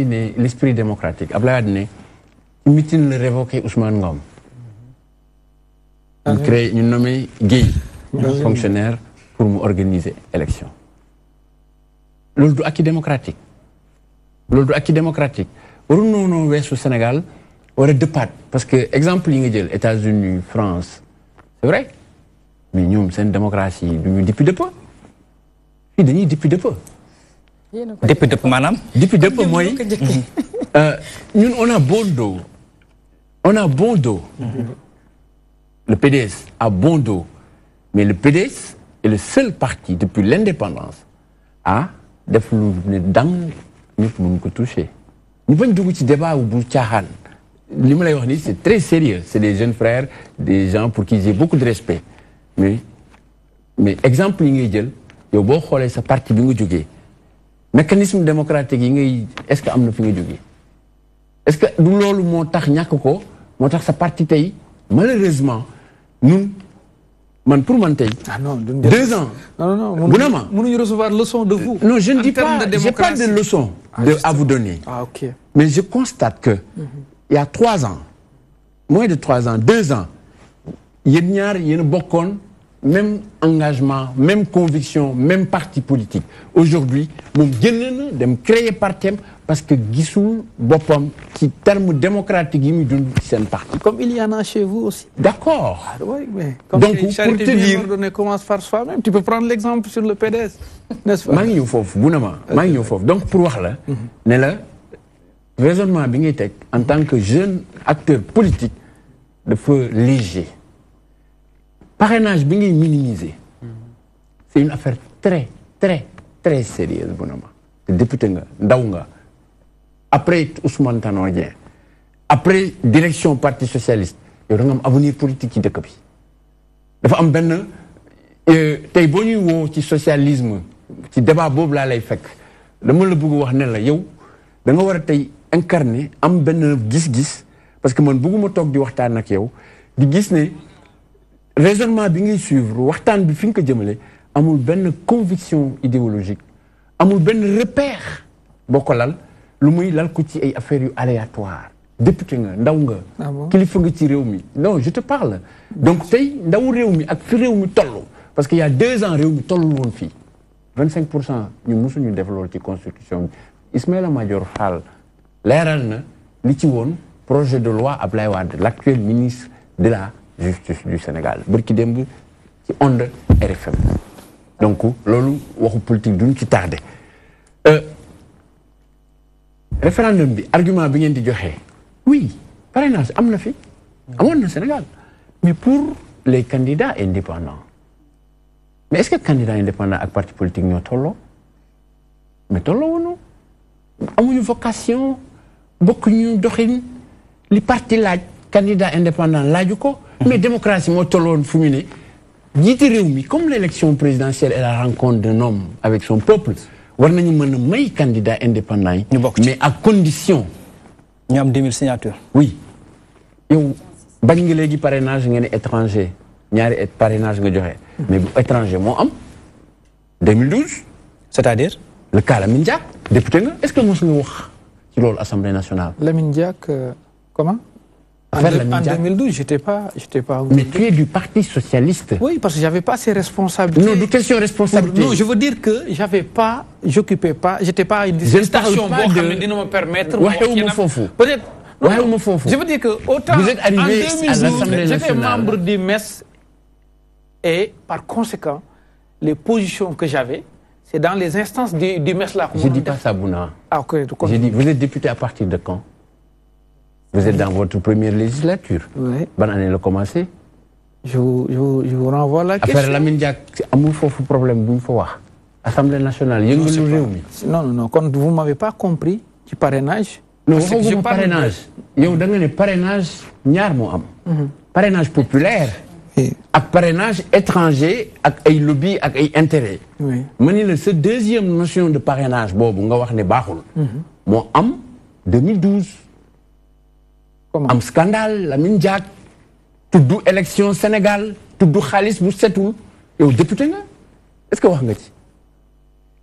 l'esprit démocratique il Wade ne mitin la révoquer Ousmane Ngom. On créé ñu nommé un fonctionnaire pour organiser élection. Lolu du acquis démocratique. Lolu du acquis démocratique nous sommes au Sénégal war deux pattes. parce que exemple les États-Unis France c'est vrai mais nous, c'est une démocratie depuis deux peu depuis de peu depuis deux mois depuis deux mhm. nous on a bon dos. on a bon dos. le PDS a bon dos. mais le PDS est le seul parti depuis l'indépendance à def dans nous toucher. nous bañ un ci débat au bout c'est très sérieux c'est des jeunes frères des gens pour qui j'ai beaucoup de respect mais mais exemple il y a beaucoup de parti bi nga mécanisme démocratique ngay est-ce que am na fi est-ce que nous, avons moo tax ko parti malheureusement nous, man pour man ah non deux ans. non non non pas recevoir leçon de vous. non je ne dis pas n'ai pas de leçon. Ah, à vous donner. ah ok mais je constate que. Mm-hmm. il y a trois ans moins de trois ans deux ans yéen ñaar yéen a bokkoon même engagement même conviction même parti politique aujourd'hui nous génn de dem créer parti parce que je suis qui, terme démocratique un comme il y en a chez vous aussi. d'accord ah, oui, mais comme donc pour te donner comment commence par soi-même tu peux prendre l'exemple sur le PDS n'est-ce pas. donc pour voir, mhm. la. raisonnement bi en tant que jeune acteur politique feu léger parrainage bi ngay minimiser c'est une affaire très très très sérieuse bonhomme. Le député nga ndaw nga après Ousmane Tanor après direction parti socialiste il y nga un avenir politique ci dëkk bi dafa am benn euh, tey boo ñuy woo ci socialisme ci débat boobu laa lay fekk dama la bëgg wax ne la yow da nga incarner am benn gis-gis parce que man bëgguma toog di waxtaan ak yow di gis ne raisonnement bi ngay suivre waxtaan bi fi nga ko jëmale amul benn conviction idéologique amul benn repère boo ko lal lu muy lal ko ci ay affaires yu aléatoire député nga ndaw nga ah kilifa nga ci réew mi non je te parle donc tey ndaw réew mi ak fi réew mi toll parce que y a deux ans réew mi tollul woon fii 25% pour cent ñu mosuñu def loolu ci constitution bi Ismaïla Madior Fall leeral na li ci woon projet de loi Ablaye Wade l'actuel ministre de la justice du Sénégal Burkidembu, démb ci un RFM donc lolo waxu politique qui ci tardé euh, référendum bi argument bi ngeen di joxé oui parrainage fait. On fi fait au Sénégal mais pour les candidats indépendants mais est-ce que candidat indépendant ak parti politique ñoo là mais Ils ont une vocation Beaucoup ñu partis, li parti laaj candidat indépendant laaju ko mais démocratie tolon, comme l'élection présidentielle est la rencontre d'un homme avec son peuple war nañu a may candidat indépendant mais à condition. y a 2000 signatures. oui Si vous avez un parrainage étranger, étranger ñaari parrainage mais étranger moi, 2012. cest à dire. le cas la Diack député est ce que vous sommes wax nationale. La Mindiak, euh, comment. En, 2012, je n'étais pas, pas. Mais tu es du Parti Socialiste Oui, parce que je n'avais pas ces responsabilités. Non, de responsabilité Non, je veux dire que n'avais pas, j'occupais pas, je n'étais pas à une distinction. Je ne de... me permettre. Peut-être. Je veux dire que autant Vous en 2012, j'étais membre du MES et par conséquent, les positions que j'avais, c'est dans les instances du, MES là. Je ne dis pas ça, Bouna. Ah, ok. Je dis, vous êtes député à partir de quand vous êtes dans votre première législature. Oui. Bonne année, le commencé. Je vous, je, je vous renvoie la question. Affaire Lamine Diak, amul fofu problème bu faut wax. Assemblée nationale, Non non non, quand vous m'avez pas compris du parrainage. Non, c'est du parrainage. il y a un parrainage ñaar mo am. Mhm. Parrainage populaire. ak parrainage étranger ak ay lobby ak ay intérêt. Oui. ma deuxième notion de parrainage bon, nga wax ne baaxul. Mhm. moo am 2012. Un scandale Lamine tout élection Sénégal tout Khalis bu et au député est-ce que vous nga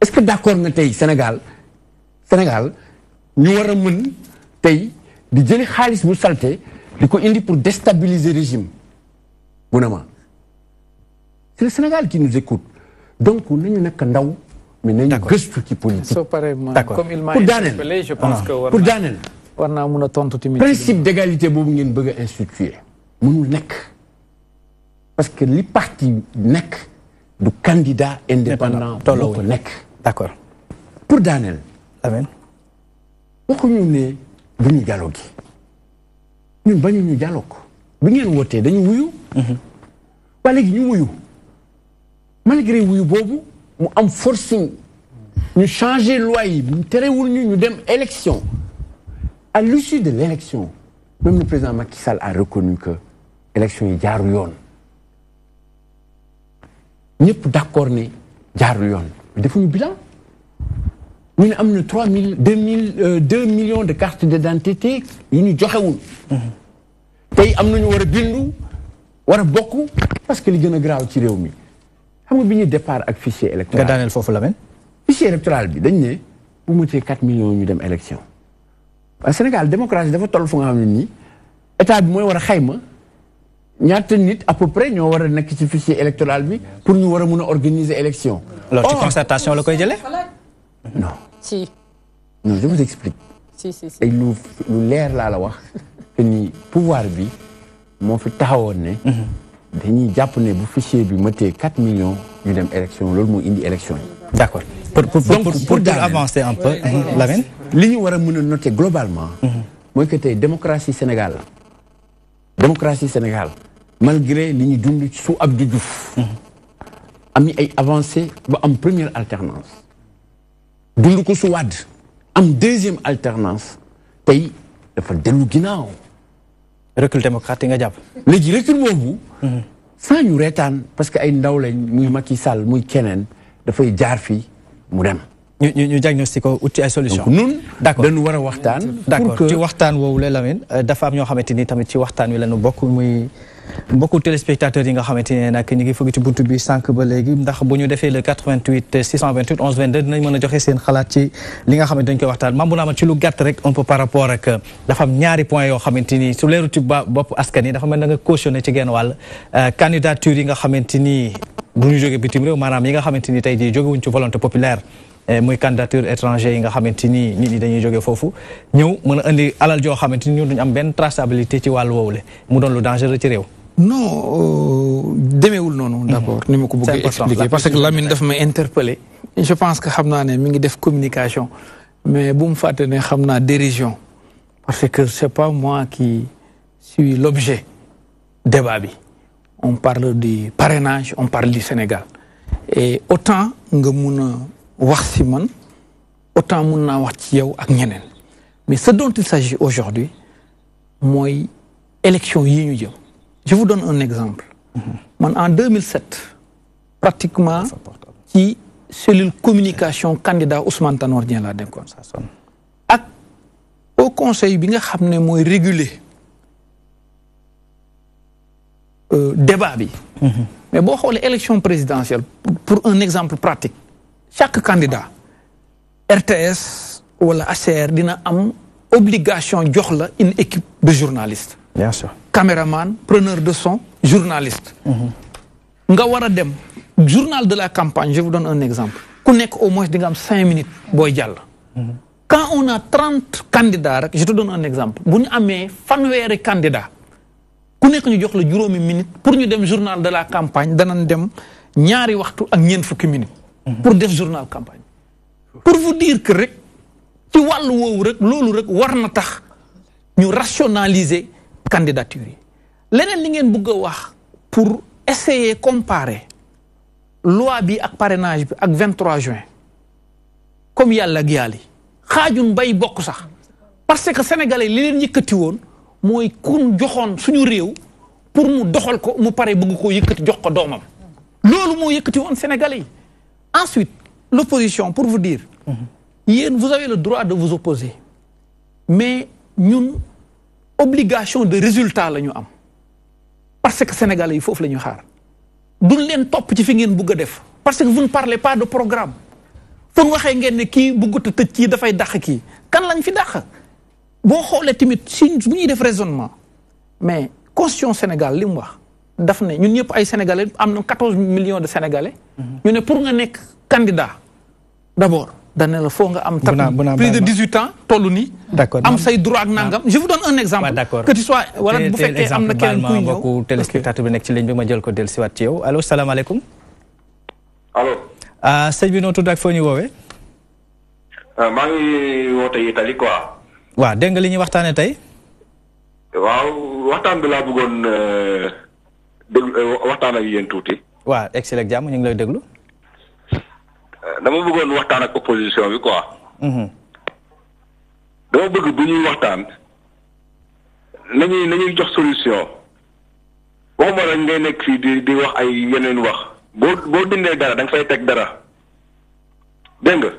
est-ce que d'accord avec le Sénégal Sénégal nous avons un mën di pour déstabiliser régime c'est le Sénégal qui nous écoute donc nous sommes ndaw mais politique pour ah. que. pour Daniel. Le principe d'égalité boobu ngeen bëgg parce que li parti nekk du candidat indépendant. d'accord pour Daniel, amen. waxuñu ne bu Nous dialoguer ñun bañu ñu dialogue bi ngeen wootee mhm. malgré wuyu boobu mu am changer loi nous terewul ñu ñu dem élection à l'issue de l'élection, même le président Macky Sall a reconnu que l'élection est Diarouyon. Nous sommes d'accord que Diarouyon. Mais il faut un bilan. Nous avons 3 000, 2, millions de cartes d'identité. Ils nous ont Et nous avons un bilan. Nous avons beaucoup. Parce que les gens grave ont tiré au milieu. Nous avons un départ avec le fichier électoral. Le fichier électoral, il y a 4 millions d'élections waaye Sénégal démocratie dafa toll fu nga xam ne nii état bi mooy war a xayma ñaata nit à peu près ñoo war a nekk ci fichier électoral bi pour ñu war a mun a organiser élection. alors ci concertation la koy jëlee. non. si. non je vous explique. si si si lu lu leer laa la wax que ni pouvoir bi moo fi taxawoon ne. Mhm. dañuy jàpp ne bu fichier bi matee 4 millions ñu dem élection loolu moo indi élection yi. d'accord pour pour pour pour avancer un peu. Euh, la li ñu war a noter globalement. Mhm. moi que tey démocratie Sénégal démocratie Sénégal malgré li ñu dund sous Abdou Diouf. Mhm. am ay avancées ba première alternance dund ko su Wad, am deuxième alternance pays, dafa dellu ginnaaw. recul démocratique, nga Le léegi recul vous mhm. sans ñu rétane, parce que ay ndaw lañ muy Macky Sall muy keneen de jaar fii. mu dem. ñu ñu ñu diagnostic ko ut ci ay solution donc d' accord dañu war a waxtaan. d' waxtaan woowu la Lamine euh, dafa am ñoo xamante ni tamit ci waxtaan wi la ñu bokk muy. mbokku téléspectateurs yi nga xamante ne nag ñu ngi fëgg ci buntu bi sànq ba léegi ndax bu ñu defee le 88 628 11 22 dinañ mën a joxe seen xalaat ci li nga xamante dañ koy waxtaan mam bu naa ma ci lu gàtt rek un peu par rapport ak ni su leeru ci ba bopp askan yi dafa mel na nga cautionné ci genn wàll euh, candidature yi nga xamante ni du ñu jóge bitim réew maanaam yi nga xamante ni tey jii jógewuñ ci volonté populaire euh, muy candidature yi nga xamante ni nit ñi dañuy jóge foofu ñëw mën a indi alal joo xamante ni ñu duñ am benn traçabilité ci wàllu woowule mu doon lu dangereux ci réew non euh, demeewul noonu. Mhm. d' accord ni ma ko bëggee expliquer parce que Lamine daf may interpellé. je pense que xam naa ne mi ngi def communication mais bu mu fàtte ne xam dérision parce que ce n'est pas moi qui suis l'objet des débat on parle du parrainage on parle du Sénégal et autant nga mun a wax si man autant mun naa wax ci yow ak ñeneen mais ce dont il s'agit aujourd'hui c'est l'élection yi ñu je vous donne un exemple. en 2007 pratiquement qui cellule communication candidat Ousmane Tanor au conseil il nga a le euh, débat mhm. mais bon, les élection présidentielle pour un exemple pratique chaque candidat RTS ou ACR a une obligation d'avoir une équipe de journalistes. bien sûr caméraman preneur de son journaliste Ngawara dem journal de la campagne je vous donne un exemple Kounek au moins 5 cinq minutes boyal. quand on a 30 candidats je te donne un exemple bu amé, amee candidats, candidat ku nekk ñu jox la minute pour ñu dem journal de la campagne Danandem dem ñaari waxtu ak ñeent fukki minute pour def journal campagne pour vous dire que rek ci walu woowu rek lolu rek rationaliser candidature yi leneen li ngeen bëgg wax pour essayer comparer loi bi ak parrainage bi ak 23 juin comme yàlla ak yàlla xaajun bay bokk sax parce que sénégalais li leen yëkkati woon mooy kun joxoon suñu réew pour mu doxal ko mu pare bëgg koo yëkkati jox ko doomam loolu moo yëkkati woon sénégalais ensuite l'opposition pour vous dire mhm. vous avez le droit de vous opposer mais ñun obligation de résultat la ñu am parce que sénégalais yi foofu la ñu xaar duñ leen topp ci fi ngeen bugg a def parce que vous ne parlez pas de programme fu ñu waxee ngeen ne kii buggut a tëj kii dafay dàq kii kan lañ fi dàq boo xoolee tamit si bu ñuy def raisonnement mais constitution Sénégal li mu wax daf ne ñun ñëpp ay sénégalais am na 14 millions de sénégalais. Mhm. ñu ne pour nga nekk candidat d'abord. dana la foo nga am. takk plus de 18 ans toll nii. d'accord am say droit ak nangam je vous donne un exemple. que tu sois wala bu fekké am na keneen kuy ñëw mbokku téléspectateur bi nekk ci ligne bi ma jël ko dellusiwaat ci yow allo salaamaaleykum. allo. Ah, sëñ bi noo tudd ak foo ñu woowee. Ah, maa ngi woote Italie quoi. wa dégg nga li ñuy waxtaanee tey. waaw waxtaan bi la bëggoon euh, déglu euh, waxtaan ak yeen tuuti. wa excellent jàmm ñu ngi lay déglu. Euh, dama bëggoon waxtaan ak opposition bi quoi. Mhm. dama bëgg bu ñuy waxtaan nañuy nañuy jox solution waxuma rek ngay nekk fii di di wax ay yeneen wax boo boo dindee dara da nga fay teg dara dégg nga.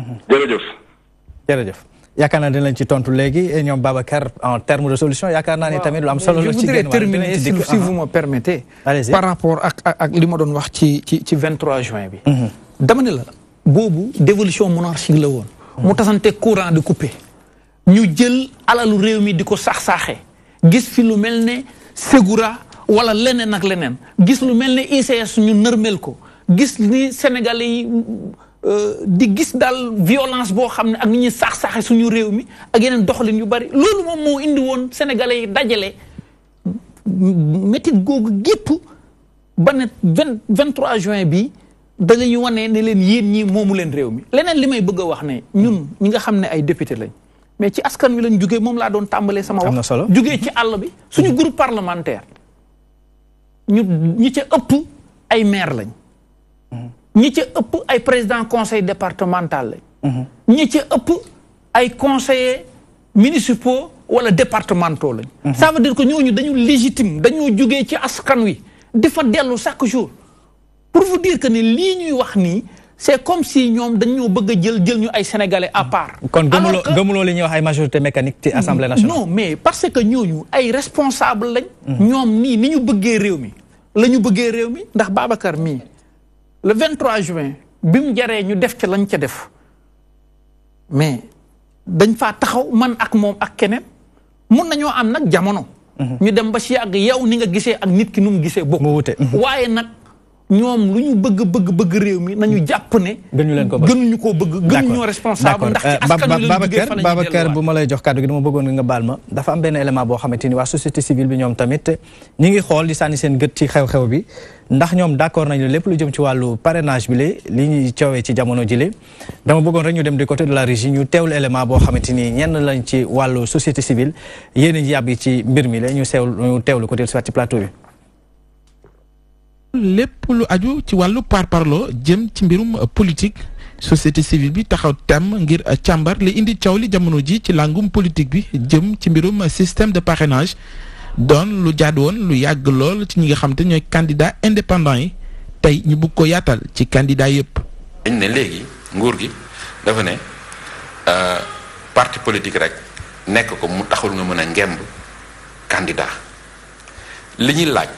Mhm. jërëjëf. jërëjëf. yaakaar naa dinañ ci tontu léegi et eh, ñoom Babacar en terme de solution yaakaar naa ni tamit lu am solo la ci génn terminer si vous ah, ah. me permettez. par rapport ak ak li ma doon wax ci ci ci 23 juin bi. Mhm. dama ne la boobu dévolution monarchique la woon. mu tasante courant di coupé. ñu jël alalu réew mi di ko sax saaxee gis fi lu mel ne Ségura wala leneen ak leneen gis lu mel ne su ñu nërmel ko gis ni Sénégalais yi euh, di gis daal violence boo xam ne ak ni ñuy sax saaxee suñu réew mi ak yeneen doxalin yu bari loolu moom moo indi woon Sénégalais yi dajale métit googu gépp ba ne juin bii. da ñu wane ne leen yéen ñi moomu leen réew mi leneen li may bëgg a wax ne ñun ñi nga xam ne ay député lañ mais ci askan wi lañ jugee moom laa doon tàmbalee sama wax jugee ci àll bi suñu groupe parlementaire ñu ñi ci ëpp ay maire lañ ñi ci ëpp ay président conseil départemental lañ ñi ci ëpp ay conseillers municipaux wala départementaux lañ ça veut dire que ñooñu dañu légitime dañoo jugee ci askan wi di fa dellu chaque jour pour vous dire que ni lii ñuy wax nii c'est comme si ñoom dañ ñoo bëgg jël jël ñu ay sénégalais à part. kon gëmuloo gëmuloo li ñuy wax ay majorité mécanique ci assemblée nationale. non mais parce que ñooñu ay responsable lañ. Mhm. ñoom nii ni ñu bëggee réew mi. la ñu bëggee réew mi ndax Babacar mii le 23 juin bi mu jaree ñu def ca lañ ca def mais dañ faa taxaw man ak moom ak keneen mun nañoo am nag jamono. Mhm. ñu dem ba si yàgg yow ni nga gisee ak nit ki nu mu gisee. mu wute ñoom lu ñu bëgg bëgg bëgg réew mi nañu jàpp ne. gënuñu leen ko bëgg gënuñu koo bëgg. gënuñu ñoo responsable ndax ci euh, askan wi Babacar Babacar bu ma lay jox kàddu gi dama bëggoon nga baal ma dafa am benn élément boo xamante ni waa société civile bi ñoom tamit ñi ngi xool di sànni seen gët ci xew-xew bi ndax ñoom d'accord nañu lépp lu jëm ci wàllu parrainage bi le li ñuy coowee ci jamono ji jile dama bëggoon rek ñu dem di côté de la régie ñu teewlu élément boo xamante ni ñenn lañ ci wàllu société civile yéen a yàbbi ci mbir mi la ñu seewlu ñu teewlu côté ci plateau bi lépp lu aju ci wàllu parparloo jëm ci mbirum politique société civile bi taxaw tem ngir càmbar li indi coow li jamono ji ci langum politique bi jëm ci mbirum système de parrainage doon lu jaad woon lu yàgg lool ci ñi nga xam te ñooy candidat indépendant yi tey ñu bugg ko yaatal ci candidat yépp dañ ne léegi nguur gi dafa ne euh, parti politique rek nekk ko mu taxul nga mën a ngemb candidat li ñuy laaj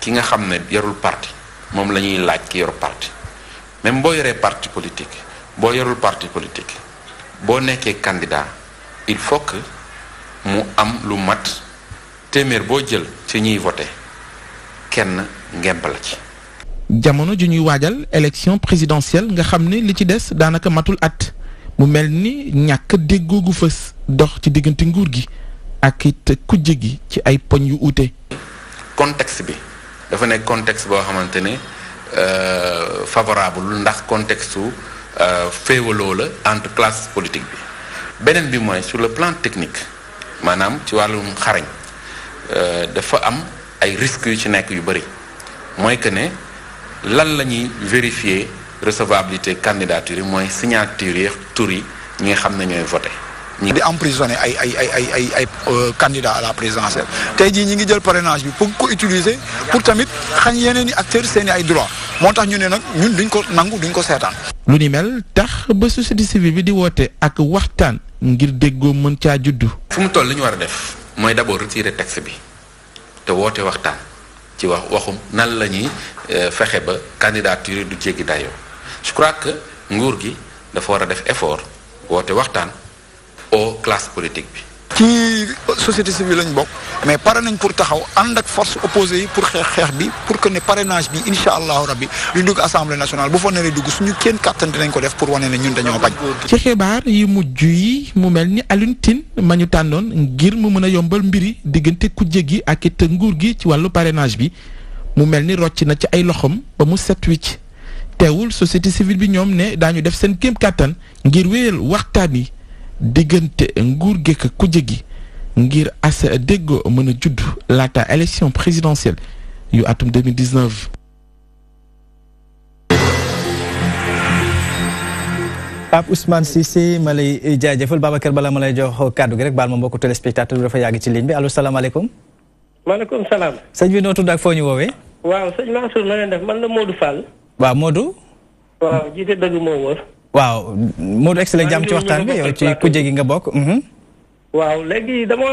ki nga xam ne yarul parti moom la ñuy laaj ki yor parti même boo yoree parti politique boo yorul parti politique boo nekkee candidat il faut que mu am lu mat téeméer boo jël ci ñuy voté kenn ngemb la ci. jamono ju ñuy waajal élection présidentielle nga xam ne li ci des daanaka matul at mu mel ni ñàkk déggoo gu fës dox ci diggante nguur gi ak it kujje gi ci ay poñ yu uute. contexte bi. dafa nekk contexte boo xamante ne euh, favorable ndax contexte su euh, féewaloo la entre classe politique bi beneen bi mooy sur le plan technique maanaam ci wàllum xarañ euh, dafa am ay risques yu ci nekk yu bëri mooy que ne lan la ñuy vérifier recevabilité candidature yi mooy signature yi tur yi ñu xam ne ñooy voté di emprisonné ay ay ay ay ay ay euh, candidat à la présidentielle tey jii ñi ngi jël parrainage bi pour ko utiliser pour tamit xañ yeneen i acteurs seen ay droit moo ñu ne nag ñun duñ ko nangu duñ ko seetaan. lu ni mel tax ba société civile bi di woote ak waxtaan ngir déggoo mën caa juddu. fu mu toll li ñu war a def mooy d'abord retirer texte bi te woote waxtaan ci wax waxum nan la ñuy euh, ba candidature du jéggi dayoo je crois que nguur gi dafa war def effort woote waxtaan. au classe politique bi. ci société civile lañ bokk mais pare nañ pour taxaw ànd ak force opposée yi pour xeex xeex bi pour que ne parrainage bi incha allahu rabbi lu dugg assemblée nationale bu fa naree dugg suñu kenn kàttan dinañ ko def pour wane ne ñun dañoo bañ. ci xibaar yi mujj yi mu mel ni Alioune Tine ma ñu tànnoon ngir mu mën a yombal mbiri diggante kujje gi ak it nguur gi ci wàllu parrainage bi mu mel ni rocc na ci ay loxoom ba mu set wicc teewul société civile bi ñoom ne daañu def seen kéem kàttan ngir wéyal waxtaan yi. diggante nguur gekk kujje gi ngir as déggoo mën a judd laata élection présidentielle yu atum 2019. Pape Ousmane Cissé ma lay jaajëfal Babacar bala ma lay jox kàddu gi rek baal ma mbokku téléspectateur bi dafa yàgg ci ligne bi allo salaamaaleykum. maaleykum salaam. sëñ bi noo tudd foo ñu woowee. waaw sëñ Mansour na leen def man la Modou Fall. waaw Modou. waaw jiite dëgg moo wër. waaw Modou Ex la jàmm ci waxtaan bi yow ci kuje gi nga bokk. Mhm. waaw léegi dama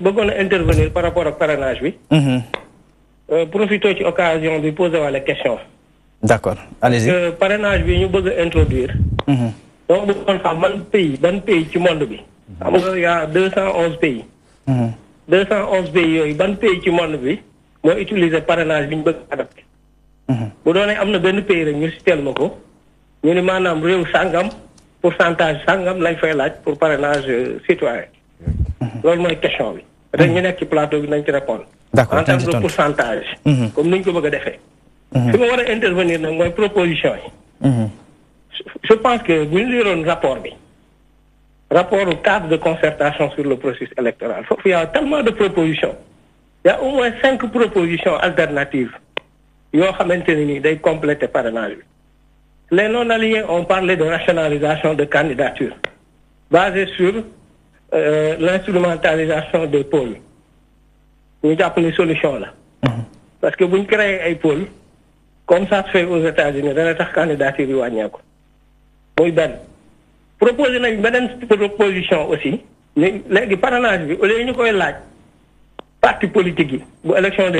bëggoon intervenir par rapport ak parrainage bi. Mhm. Euh, profité ci occasion bi posé wàllu question. d' accord allez-y. Euh, bi ñu bëgg a introduire. Mhm. donc bëggoon xam ban pays ban pays ci monde bi. xam nga deux cent onze pays. deux cent onze pays yooyu ban pays ci monde bi moo utiliser parrainage bi ñu bëgg adapté. bu doonee am na benn pays rek ñu si teel ma ko. ñu ni maanaam réew sàngam pourcentage sàngam lañ fay laaj pour parrainage euh, citoyen mhm. loolu mooy question bi mhm. rek ñu nekk ci plateau bi nañ ci en termes de pourcentage mhm. comme niñ ko bëgg a defee fi intervenir nag mooy proposition yi je pense que vous ñu liroon rapport bi rapport au cadre de concertation sur le processus électoral Il y a tellement de propositions y a au moins cinq propositions alternatives yoo xamante ni day compléter parrainage bi les non alliés ont parlé de rationalisation de candidature, basée sur euh, l'instrumentalisation des pôles. Nous une solution là. Mhm. Parce que vous créez un pôle, comme ça se fait aux États-Unis, dans les candidatures Wanyako. Oui, ben. Proposer une bonne proposition aussi. Mais, parrainage bi au lieu koy parti politique Pour bu élection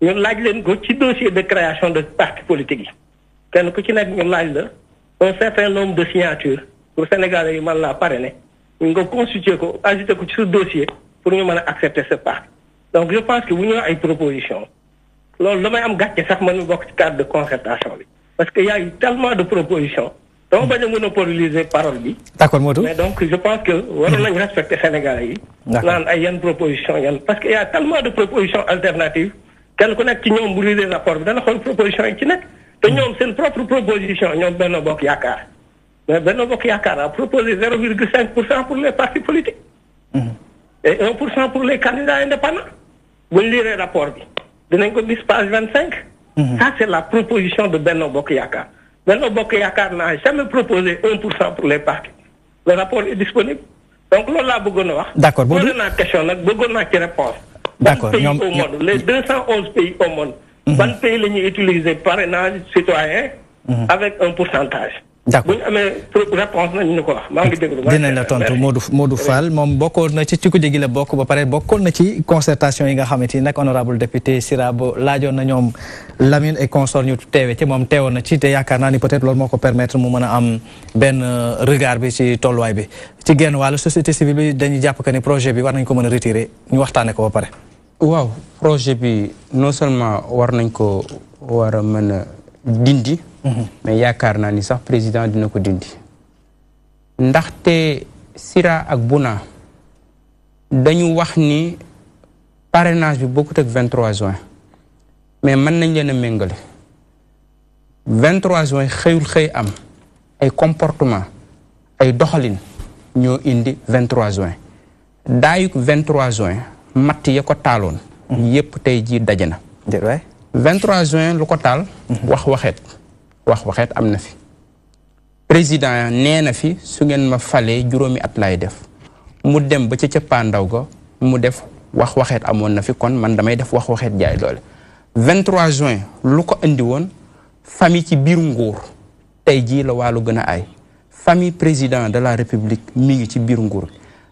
nous avons un dossier de création de parti politique kenn ku ci nekk ñu laaj la un certain nombre de signatures pour sénégalais yi mën laa parrainer nga constituer ko agiter ko ci sa dossier pour ñu mën a accepter ce parti donc je pense que bu ñu ay proposition loolu damay am gàcce sax man mi bokk ci cadre de concertation bi parce que y a eu tellement de propositions dama bañ a monopoliser parole bi. d'accord Modou mais donc je pense que waroon nañu respecter Sénégalais yi. naan ay yan proposition yan parce que y a tellement de propositions alternatives kenn ku nekk ci ñoom bu lire rapport bi dana xool proposition yi ci nekk. C'est une propre proposition de Benoît Bokk Yaakaar mais Benno a proposé 0,5% pour les partis politiques. et 1% pour les candidats indépendants. Vous lirez le rapport bi dinañ ko gis page ça c'est la proposition de Benoît Bokk Yaakaar Benno n'a jamais proposé 1% pour les partis le rapport est disponible donc lola laa bëggoon vous wax. d' question nag qui naa réponse les 211 pays au monde. Mhm. ban pays la ñuy utiliser parrainage citoyen mhm. avec un pourcentage. d' accord bu amee réponse nañ ñu ko wax maa ngi déglu. dinañ la tontu Modou Modou Fall moom bokkoon na ci ci kujje gi la bokk ba pare bokkoon na ci concertation yi nga xamante ni nag honorable député Sirabo laajoon na ñoom Lamine et consort ñu teewe ci moom teewoon na ci te yaakaar naa ni peut-être loolu moo ko permettre mu mën a am benn euh, regard bi ci tolluwaay bi ci genn wàllu société civile bi dañuy jàpp que ni projet bi war nañ ko mën a retirer ñu waxtaanee ko ba pare. waaw projet bi non seulement war nañ ko war a mën a dindi. Mhm. mais yaakaar naa ni sax président dina ko dindi. ndaxte Sira ak Bouna dañu wax ni parenage bi bokkut ak 23 juin mais mën nañ leen a méngale. 23 juin xëyul xëy am ay comportement ay doxalin ñoo indi 23 juin daayu 23 juin. matt ya ko taaloon mm-hmm. yëpp tey jii daje na 23 juin lu ko taal mm-hmm. wax waxeet wax waxeet am na fi président nee na fi su ngeen ma falee juróomi at laay def mu dem ba ca cëppaandaw ga mu def wax waxeet amoon na fi kon man damay def wax waxeet jaay doole 23 juin lu ko indi woon famille ci biir nguur tey jii la wàllu gën a ay famille président de la république mi ngi ci biir nguur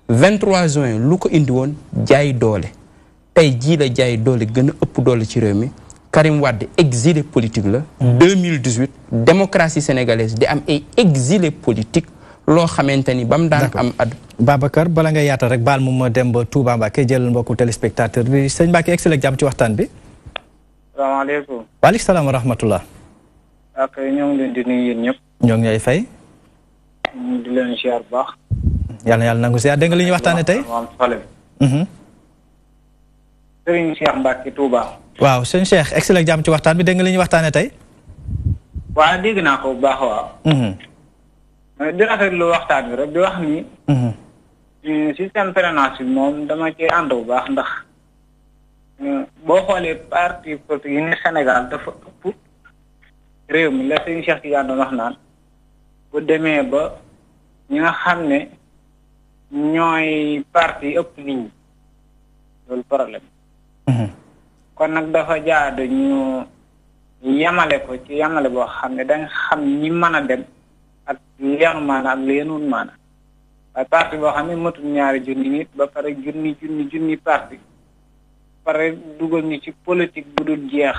23 juin lu ko indi woon jaay doole tey jii la jaay doole gën a ëpp doole ci réew mi Karim Wade exilé politique la. 2018 mm-hmm. démocratie sénégalaise di am ay exilé politique loo xamante ni ba mu daan am at. Babacar bala nga yaatal rek baal mu ma dem ba Touba Mbacke jël mbokku téléspectateur bi sëñ Mbacke egsi la ci waxtaan bi. salaamaaleykum. waaleykum salaam wa rahmatullah. ak ñoo leen di nuyu yéen ñëpp. ñoo ngi lay fay. di leen ziar baax. yalla yalla yàlla nangu si dégg nga li ñuy waxtaanee jam mhm. Serigne Cheikh Mbacke Touba. waaw serigne Cheikh excellent jam ci waxtane bi deng nga li ñuy waxtaanee tey. bahwa. dégg naa ko bu baax waaw. di rafet lu waxtane rek di wax ni. système parrainage mom dama ci ànd bax ndax bo xolé parti politique ni Sénégal dafa upp réew mi la serigne Cheikh Tidiane doon wax naan bu démé ba ñi nga ñooy parti ëpp nit ñi loolu problème mhm. kon nag dafa jaadu ñu yamale ko ci yamale boo xam ne danga xam ñi mën a dem ak li yenu maana ak li yenuun maana waaye parti boo xam ne matul ñaari junni nit ba pare junni junni junni parti pare dugal ñu ci politique bu dul jeex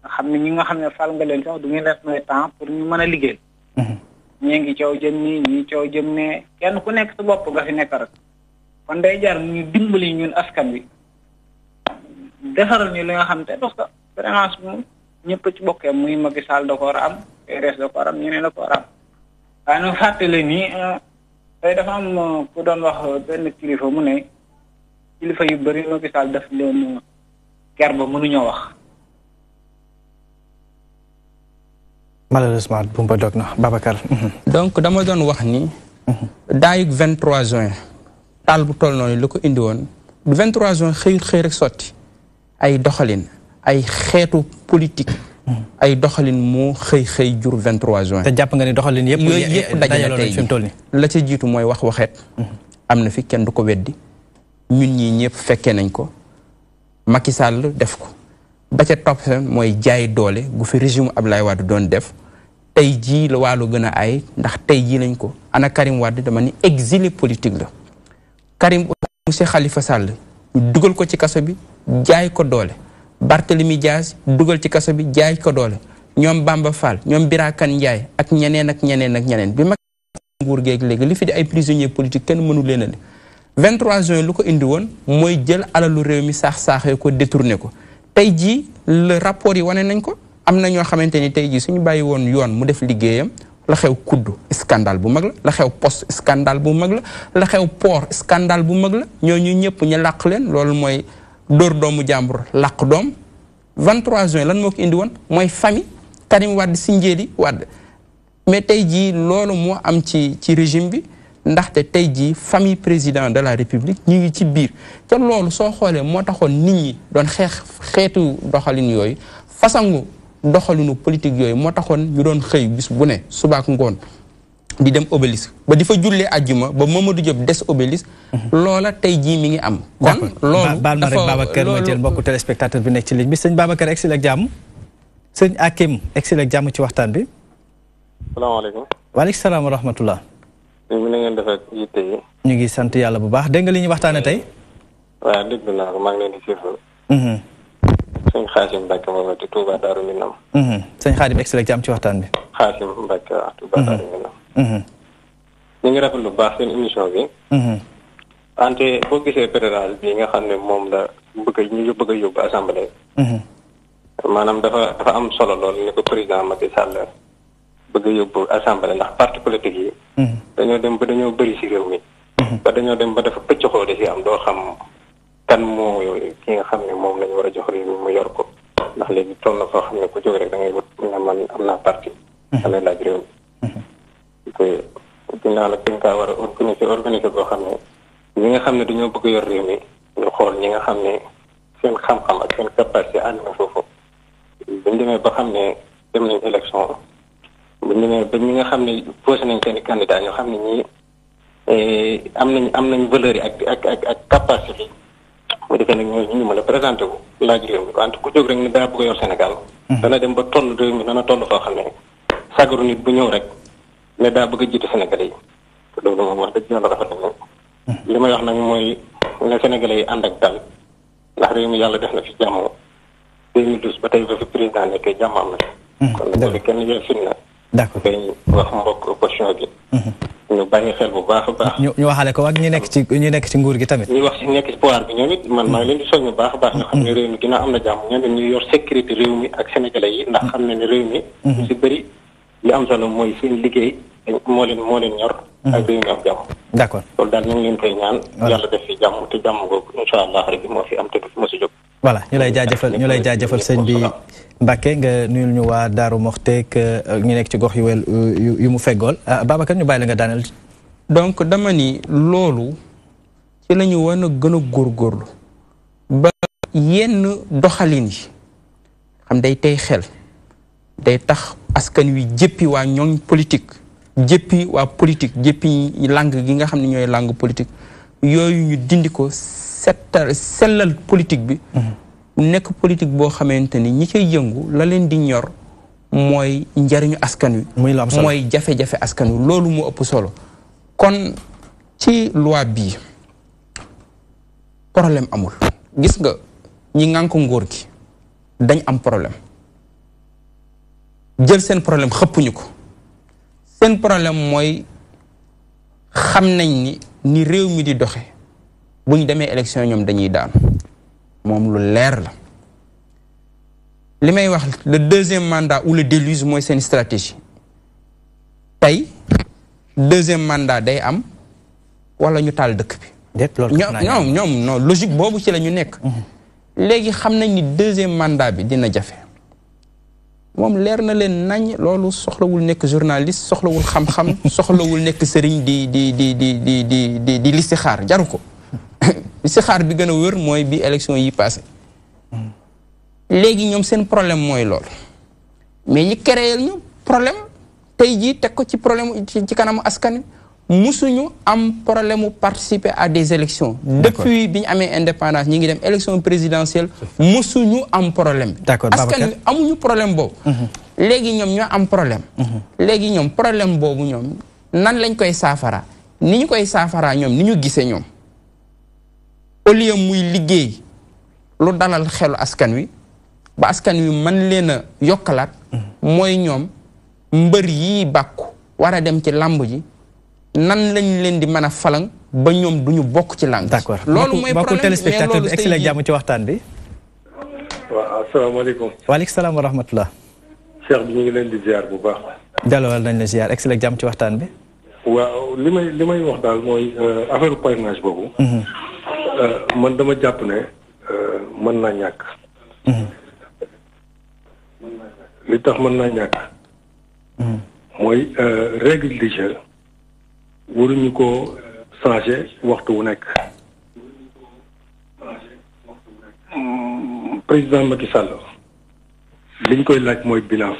nga xam ne ñi nga xam ne fal nga leen sax du ngeen def mooy temps pour ñu mën a liggéey mhm. ñi ngi ciow jëm ni ñi ciow jëm ne kenn ku nekk sa bopp nga fi nekk rek kon day jaar ñu dimbali ñun askan wi defaral ñu li nga xam te parce que vraiment moom ñëpp ci bokkee muy Macky Sall da ko war a am da ko war am da ko am waaye nu fàttali ni tey dafa am ku doon wax benn kilifa mu ne kilifa yu bëri Macky Sall daf leen ger ba mënuñoo wax malheureusement Bumba dog na Babacar. Mhm. donc dama doon wax ni. Mhm. daayug 23 juin. taal bu toll noonu li ko indi woon 23 juin xëyut xëy rek sotti ay doxalin ay xeetu politique. Mhm. ay doxalin moo xëy xëy jur 23 juin. te jàpp nga ni doxalin yëpp. yooyu yëpp dajale la ca jiitu mooy wax waxeet. am na fi kenn du ko weddi. ñun ñii ñëpp fekkee nañ ko. Macky Sall def ko. ba ca topp mooy jaay doole gu fi régime Abdoulaye Wade doon def tey jii la waalo gën a ay ndax tey jii lañ ko ana Karim Wade dama ni exilé politique la Karim monsieur Khalifa Sall ñu dugal ko ci kaso bi jaay ko doole Barthélemy Dias dugal ci kaso bi jaay ko doole ñoom Bamba Fall ñoom Birakan njaay ak ñeneen ak ñeneen ak ñeneen bi mag nguur geeg léegi li fi di ay prisonnier politique kenn mënu leen a trois 23 lu ko indi woon mooy jël alalu réew mi saax saaxee ko détourné ko tey jii le rapport yi wane nañ ko am na ñoo xamante ni tey jii suñu bàyyi woon yoon mu def liggéeyam la xew kudd scandale bu mag la la xew poste scandale bu mag la la xew port bu mag la ñooñu ñëpp ñu làq leen loolu mooy dóor doomu jàmbur làq doom 23 juin lan moo ko indi woon mooy famille Karim wàdd si njéeli wàdd mais tey jii loolu moo am ci régime bi ndaxte tey jii famille président de la république ñu ngi ci biir te loolu soo xoolee moo taxoon nit ñi doon xeex xeetu doxalin yooyu fasangu doxalinu politique yooyu moo taxoon ñu doon xëy bis bu ne subaak ngoon di dem obélisque ba di fa jullee àjjuma ba Mamadou Diop des obélisque mhm. loola tey jii mi ngi am kon loolu baal ma rek Babacar ma jël mbokku téléspectateur bi nekk ci ligne bi sëñ Babacar egsi la jàmm sëñ Akim egsi la jàmm ci waxtaan bi salaamaaleykum waaleykum salaam wa rahmatullah mu na ngeen def ak yitte yi. ñu ngi sant yàlla bu baax dégg nga li ñu ko leen di suivre. sëñ Xaasim Mbacke moom ci Touba Darou Minam. Mhm. sëñ Xaadim excellent ci am ci waxtaan bi. Xaasim Mbacke waaw Touba Darou mhm. Minam. ñu ngi rafetlu bu baax seen émission bi. wante boo gisee pédérage bi nga xam ne la bëgg a bëgg dafa dafa am solo lool ni ko président Macky Sall. bëgg a yóbbu assemblée ndax parti politique yi. Hmm. dañoo dem ba dañoo bëri si réew mi. Hmm. ba dañoo dem ba dafa pëcc xoo da si am doo xam kan moo ki nga xam ne moom lañu war a jox réew mi mu yor ko ndax léegi toll na foo xam ne ku jóg rek da ngay wut nga man am naa parti. Hmm. damay laaj réew mi. te dinaa la dañ kaa war a organiser organiser boo xam ne ñi nga xam ne dañoo bëgg yor réew xool ñi nga xam ne seen xam ak seen capacité ànd na foofu buñ demee ba xam ne dem nañ élection. bu ñu nga xam ne posé nañ seen i candidat xam ne ñi eh, am nañ am nañ valeur ak ak ak ak capacité mu defee nag ñooñu ñu mën a présenté wu laaj réew mi wante ku daa bëgg a yor Sénégal. Mhm. dana dem ba toll réew mi dana xam ne sagaru nit bu ñëw rek ne daa bëgg a jiite yi loolu moom wax dëgg yàlla mhm. li may wax nag mooy ne Sénégalais yi ànd ak dal ndax réew yàlla def na fi jàmm 2012 ba tey ba fi président nekkee jàmm am na. Mhm. kon nag kenn yor firnde. d'accord ngay wax mbokk question bi. Mhm. xel bu baax a baax. ñu ñu waxale ko ak ñi nekk ci ñi nekk ci nguur gi tamit. ñi wax nekk ci pouvoir man maa leen di soñ baax baax. nga mhm. xam ne réew mi dina am na jàmm ñoom it ñu yor sécurité réew mi ak sénégalais yi ndax mhm. xam na ne réew mi. si bari li am solo mooy seen liggéey moo leen moo leen ñor. ak réew mi am jàmm. d'accord loolu koy ñaan. yàlla def fi jàmm te jàmm googu incha allah rek moo fi am te du fi mos a jóg. voilà ñu lay jaajëfal ñu seen jaajëfal bi Mbacke nga nuyul ñu waa Daaru Moxteek euh, ñu nekk ci gox yu wel yu mu feggool ah, Babacar ñu bàyyi la nga daaneel. donc dama ni loolu ci lañu ñu war a gën a góorgóorlu ba yenn doxalin yi xam day tey xel day tax askan wi jëppi waa ñooñ politik jëppi waa politique jëppi làng gi nga xam ne ñooy làng politique yooyu ñu dindi ko settal sellal politique bi mm-hmm. nek politique bo xamanteni ñi cey yëngu la leen di ñor moy njariñu askan wi. moy la am solo moy jafe askan wi lolu moo upp solo. kon ci loi bi, problème amul. gis nga ñi ngank ngor gi dañ am problème jël sen problème xëppuñu ko sen problème moy xam nañ ni ni réew mi di doxé bu démé élection ñom dañuy daan moom lu leer la le deuxième mandat ou le déluge c'est une stratégie Le deuxième mandat day am wala ñu taal dëkk bi. ñoom ñoom non logique boobu ci la ñu nekk. Mhm. léegi xam nañ ni deuxième mandat bi dina jafe moom leer na leen nañ loolu soxlawul nekk journaliste soxlawul xam-xam soxlawul di di di di di di di di istixaar bi gën a wér mooy bi élection yi passé léegi ñoom seen problème mooy lool mais ñi créé ñu problème tey jii teg ko ci problème ci kanamu askan musuñu am problème participer à des élections depuis bi ñu amee indépendance ñi ngi dem élection présidentielle musuñu am problème bi askan wi amuñu problème boobu mhm. léegi ñoom ñoo am problème mhm. léegi ñoom problème boobu ñoom nan lañ koy saafara ni ñu koy saafara ñoom ni ñu gisee ñoom au lieu muy liggéey lu dalal xelu askan wi ba askan wi man leen a yokkalaat mooy ñoom mbër yi bàkku war a dem ci làmb ji nan lañ leen di man a falan ba ñoom duñu bokk ci làng d'accord loolu mooy problème téléspectateur bi excellent jàmm ci waxtaan bi waaw asalaamaaleykum salaam wa rahmatullah cheikh bi ñu ngi leen di ziar la ziar ci waxtaan bi waaw li may li may wax daal mooy euh, affaire parrainage boobu mhm. Euh, man dama jàpp ne euh, man naa ñàkk. Mhm. li tax mën naa ñàkk. Mhm. mooy euh, règle du jeu waruñu ko changer waxtu wu nekk. Mm, président Macky Sall liñ koy laaj mooy bilan.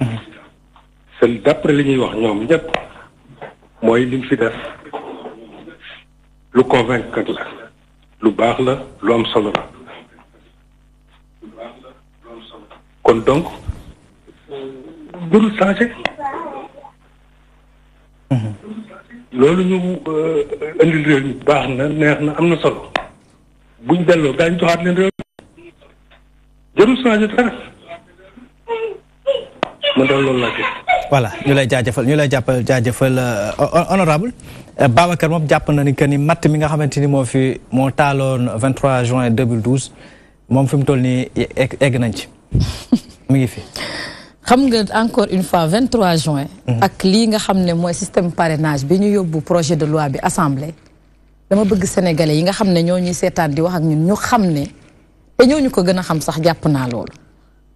Mhm. te d'après li ñuy wax ñoom ñëpp mooy lim fi def. lu convaincre la lu baax la lu am solo la kon donc dul changé loolu ñu euh, indil réew mi baax na neex na am na solo buñ delloo daañu joxaat leen réew jërul changé dara man daal loolu laa voilà ñu lay jaajëfal ñu lay jàpp jaajëfal euh, honorable Babacar moom jàpp na ni que ni matt mi nga xamante ni moo fi moo taaloon 23 juin 2012 moom fi mu toll nii egg nañ ci mu ngi fi. xam nga encore une fois 23 juin. Mhm. ak lii nga xam ne mooy système parrainage bi ñu yóbbu projet de loi bi assemblée. dama bëgg sénégalais yi nga xam ne ñoo ñu seetaan di wax ak ñun ñu xam ne te ñu ko gën a xam sax jàpp naa loolu.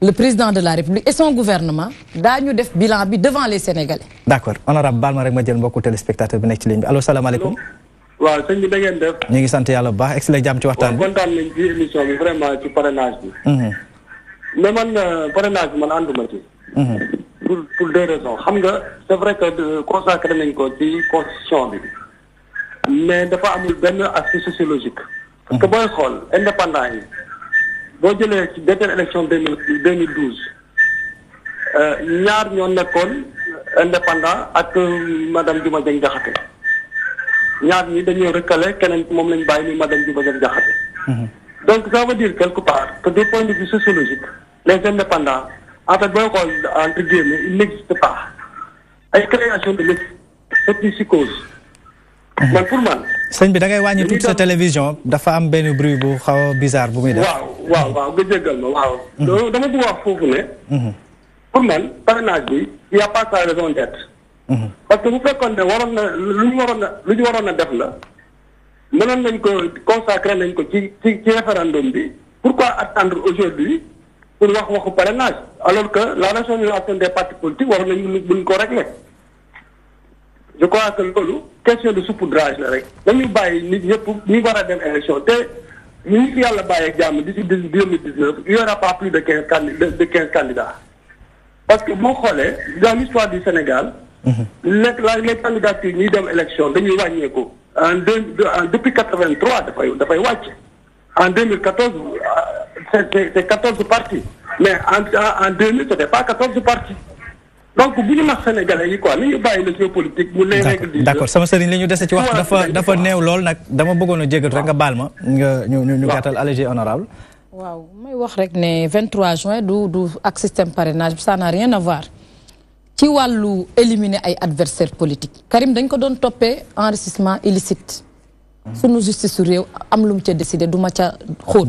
le président de la République et son gouvernement daañu def bilan bi devant les Sénégalais. D'accord. On honorable Balma rek ma jël mbokku téléspectateur bi nek ci ligne bi salam alaykoum. waaw sëñ bi da ngeen def. Ñi ngi sant Yalla bu baax excellent jam ci waxtaan bi. kontaan nañ ci émission bi vraiment ci parrainage bi. Mhm. mais man euh, parrainage mon man anduma ci. Mhm. pour pour deux raisons xam nga c' est vrai que euh, consacrer nañ ko ci constitution bi. mais dafa amul benn aspect sociologique. parce que mhm. booy xool indépendant yi. boo jëlee ci dernière élection deux mille deux mille douze euh, ñaar ñoo nekkoon indépendant ak euh, madame Diouma Dieng Diakhaté ñaar ñi dañoo recalé keneen moom lañ bàyyi ni madame Diouma Dieng Diakhaté mhm. donc ça veut dire quelque part que du point de vue sociologique les indépendants en fait booy entre guillemets il n'existe pas ay création de l' c'est une psychose man pour man. sëñ bi da ngay wàññi tuuti sa télévision dafa am benn bruit bu xaw bizarre bu muy def. waaw waaw waaw nga jéggal ma waaw. Mhm. loolu dama bu wax foofu ne. pour mhm. man parrainage bi y' a pas sa raison d'être. Mhm. parce que bu fekkoon ne waroon na lu ñu waroon na lu ñu waroon na def la mënoon nañ ko consacré nañ ko ci ci ci référendum bi pourquoi attendre aujourd'hui pour wax waxu parrainage alors que la rationalisation des partis politiques waroon nañ buñ ko régler je crois que une question de soupoudrage la rek dañu nit élection té d'ici 2019 il n'y aura pas plus de 15 candidats parce que mon collègue, dans l'histoire du Sénégal mhm. les candidats qui dem élection depuis 1983, en 2014 c'était 14 partis mais en, 2000, ce n'était pas 14 partis donc bu ñu nax Sénégalais yi quoi ñu bàyyi la géopolitique mu lay rek di d' accord sama sëriñ li ñu dese ci waxtu dafa dafa néew lool nag dama bëggoon a jégal rek nga baal ma nga ñu ñu gàttal allégé honorable waaw may wax rek ne 23 juin du du ak système parrainage bi ça n'a rien à voir ci wàllu éliminer ay adversaires politiques Karim dañ ko doon toppee enrichissement illicite sunu justice réew am lu mu ca décidé du ma ca xóot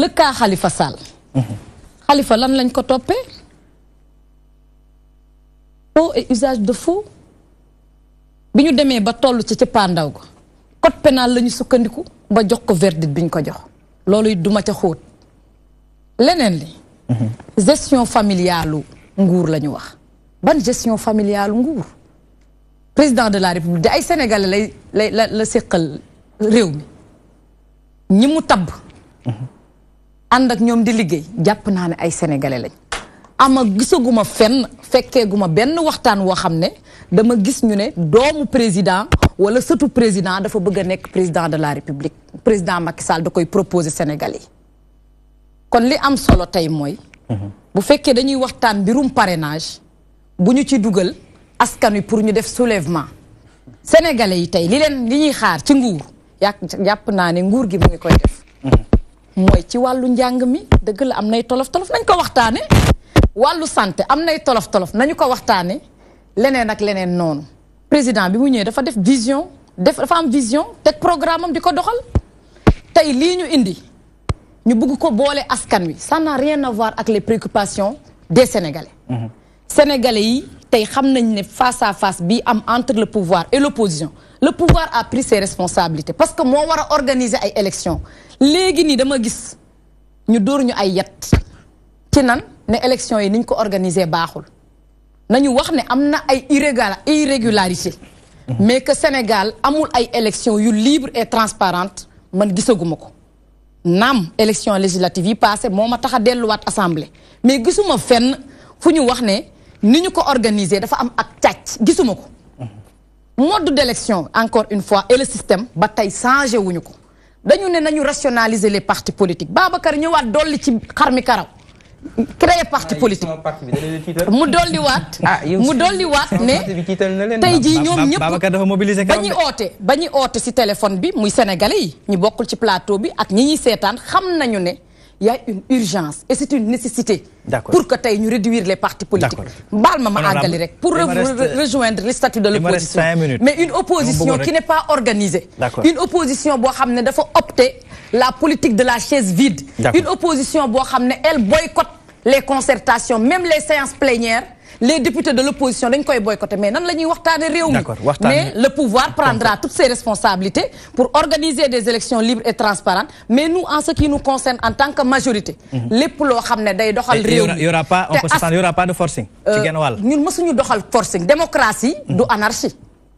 le cas Khalifa Sall mhm. Khalifa lan lañ ko toppee faux et usage de faux bi ñu demee ba toll ci ci pandaw ko code pénal la sukkandiku ba jox ko verdict bi ñu ko jox loolu it duma ca xóot leneen li mhm. gestion familialu nguur la ñu wax ban gestion familialu nguur président de la république di ay sénégalais lay la la séqal réew mi ñi mu tabb mhm. ànd ak ñoom di liggéey jàpp naa ne ay sénégalais lañ ama gisaguma fenn fekkeeguma benn waxtaan woo xam ne dama gis ñu ne doomu président wala sëtu président dafa bëgg a nekk président de la république président Macky Sall da koy proposé Sénégal yi li am solo tey mooy bu fekkee dañuy waxtaan mbirum parrainage bu ñu ci dugal askan wi pour ñu def soulèvement sénégalais yi tey li leen li ñuy xaar ci nguur yàq jàpp naa ne nguur gi mu ngi koy def mm-hmm. mooy ci wàllu njàng mi dëgg la am nay tolof tolof nañ ko waxtaane wàllu santé am nay tolof tolof nañu ko waxtaane leneen ak leneen non président bi mu ñëw dafa def vision def dafa am vision tek programme diko doxal tay li ñu indi ñu bëgg ko boole askan wi ça n'a rien à voir avec les préoccupations des sénégalais. Mhm. sénégalais yi tey xam nañ face à face bi am entre le pouvoir et l'opposition le pouvoir a pris ses responsabilités parce que moo war a organiser ay élections léegi nii dama gis ñu dóor ñu ay ci nan ne élection yi niñ ko organiser baaxul nañu wax ne am na ay irrégularité mhm. mais que Sénégal amul ay élection yu libre et transparente man gisaguma ko naam élection législative yi passé moo ma tax a delluwaat assemblée mais gisuma fenn fu ñu wax ne ni ñu ko organiser dafa am ak càcc gisuma ko mhm. mode d'élection encore une fois et le système ba tey changé wuñu ko dañu ne nañu rationaliser les partis politiques Babacar ñëwaat dolli ci xar karaw créer parti ah, politique mu doli wat ah, mu doli wat ne tay jii ñom ñëpp ba ñu oote oté ñu si téléphone bi muy sénégalais yi ñu bokul ci plateau bi ak ñi ñi sétane xam nañu ne y a une urgence et c'est une nécessité pour que tay ñu réduire les partis politiques Bal ma agali rek pour rejoindre le statut de l'opposition mais une opposition qui n'est pas organisée une opposition bo xamné dafa opter la politique de la chaise vide. Une opposition, elle boycotte les concertations, même les séances plénières. Les députés de l'opposition, ils boycottent. Mais Mais le pouvoir prendra toutes ses responsabilités pour organiser des élections libres et transparentes. Mais nous, en ce qui nous concerne, en tant que majorité, les poulots, il n'y aura pas de forcing. Nous, nous, de forcing. Démocratie, mm -hmm. anarchie.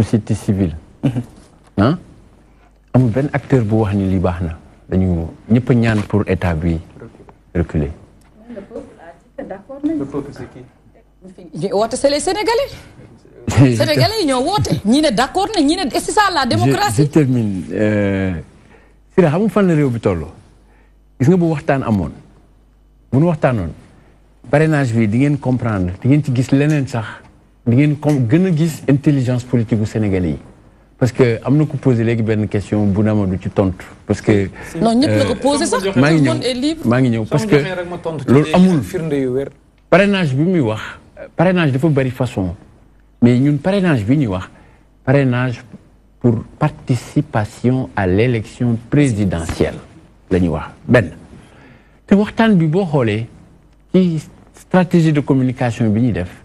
société civile. Mhm. Hein? amul benn acteur bu wax ni li baax dañu ñepp ñaan pour état bi reculer. woote c'est c'est qui? les Sénégalais. Sénégalais yi ñoo woote. ñi ne d'accord na ñi ne c'est ça la démocratie. je je termine euh, Sira xam fan la réew bi tollu. gis nga bu waxtaan amone. bu ñu waxtaanoon parrainage bi di ngeen comprendre di ngeen ci gis leneen sax di y comme une intelligence politique au Sénégalais parce que am na ko posé léegi benn question bu na ma du ci parce que. non ñëpp la ko posé sax. monde est libre maa ngi parce que loolu amul firnde yu wér. parrainage bi muy wax parrainage dafa bari façon mais ñun parrainage bi ñuy wax parrainage pour participation à l'élection présidentielle la wax ben té waxtan bi bo xolé ci stratégie de communication bi ñi def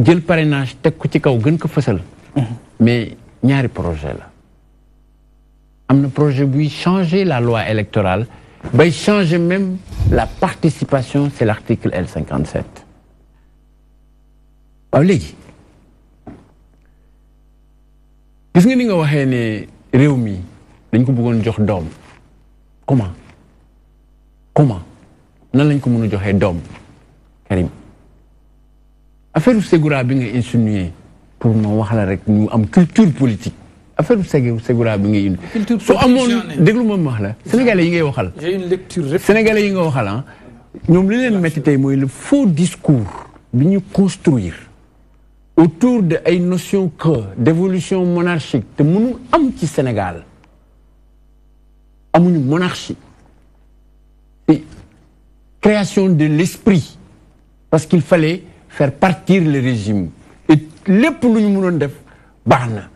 jël parrainage teg ci kaw gën ko mhm. mais ñaari projet la am projet changer la loi électorale bay changer même la participation c'est l'article L57 waaw léegi gis nga ni nga dañ ko bëggoon comment comment lañ ko Karim affaire Ségura bi nga insinué pour ma wax la rek ñu am culture politique affaire Ségura bi nga indi. culture so amone déglu ma wax la. Sénégalais yi ngay waxal. j'ai une lecture Sénégalais yi nga waxal ah. li leen le faux discours bi ñu construire autour de ay notion que d'évolution monarchique te mënul am ci Sénégal amuñu monarchie création de l'esprit parce qu'il fallait faire partir le régime et lépp lu ñu mënoon def baax na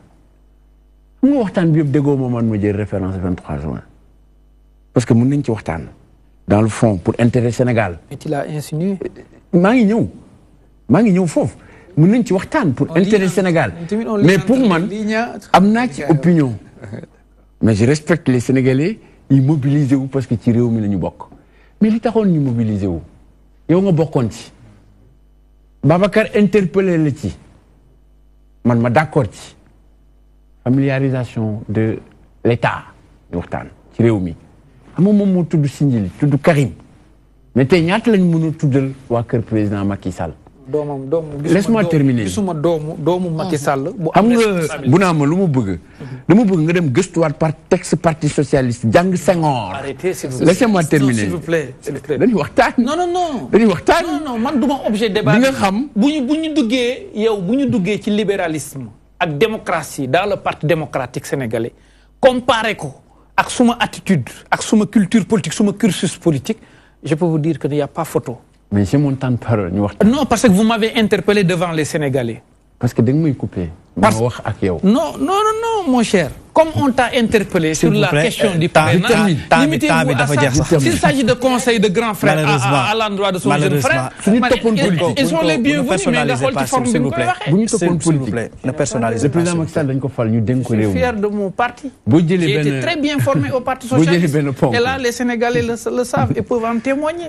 mu nga waxtaan bi yëpp déggoo ma man ma jël référence 23 juin parce que mën nañ ci waxtaan dans le fond pour intérêt Sénégal. mais tu l'as insinué. maa ngi ñëw maa ngi ñëw foofu mën nañ ci waxtaan pour intérêt Sénégal mais pour man hein, am naa opinion mais je respecte les Sénégalais ils mobiliser wu parce que ci réew mi la ñu mais li taxoon ñu mobiliser ils yow nga bokkoon ci. Babacar interpellé la man ma d'accord ci familiarisation de l'État ñu waxtaan ci réew mi xam tout moom moo tout Sindiély Karim mais tey lañ a tuddal kër président Macky Sall doomam doomu. laisse-moi terminer gisuma doomu doomu ah. Macky Sall. bu am nga bu naa ma lu bëgg. dama mhm. bëgg nga dem gëstuwaat par texte parti socialiste jang Senghor. laissez-moi terminer s'il vous plaît dañuy waxtaan. non non non dañuy waxtaan. non non man duma ma objet débat. di nga xam bu ñu bu yow buñu duggé ci libéralisme. ak démocratie dans le parti démocratique sénégalais comparé ko ak suma attitude ak suma culture politique suma cursus politique je peux vous dire que n'y a pas photo mais c'est mon temps de parole non parce que vous m'avez interpellé devant les Sénégalais. parce que da coupé. non non non mon cher. comme on t'a interpellé sur la question euh, du parrainage, limitez-vous S'il s'agit de conseils de grands frères à, l'endroit de son jeune frère, ils, sont les bienvenus, mais ils forme s'il vous plaît. S'il vous plaît, ne personnalisez pas. je suis fier de mon parti. J'ai été très bien formé au Parti Socialiste. Et là, les Sénégalais le savent et peuvent en témoigner.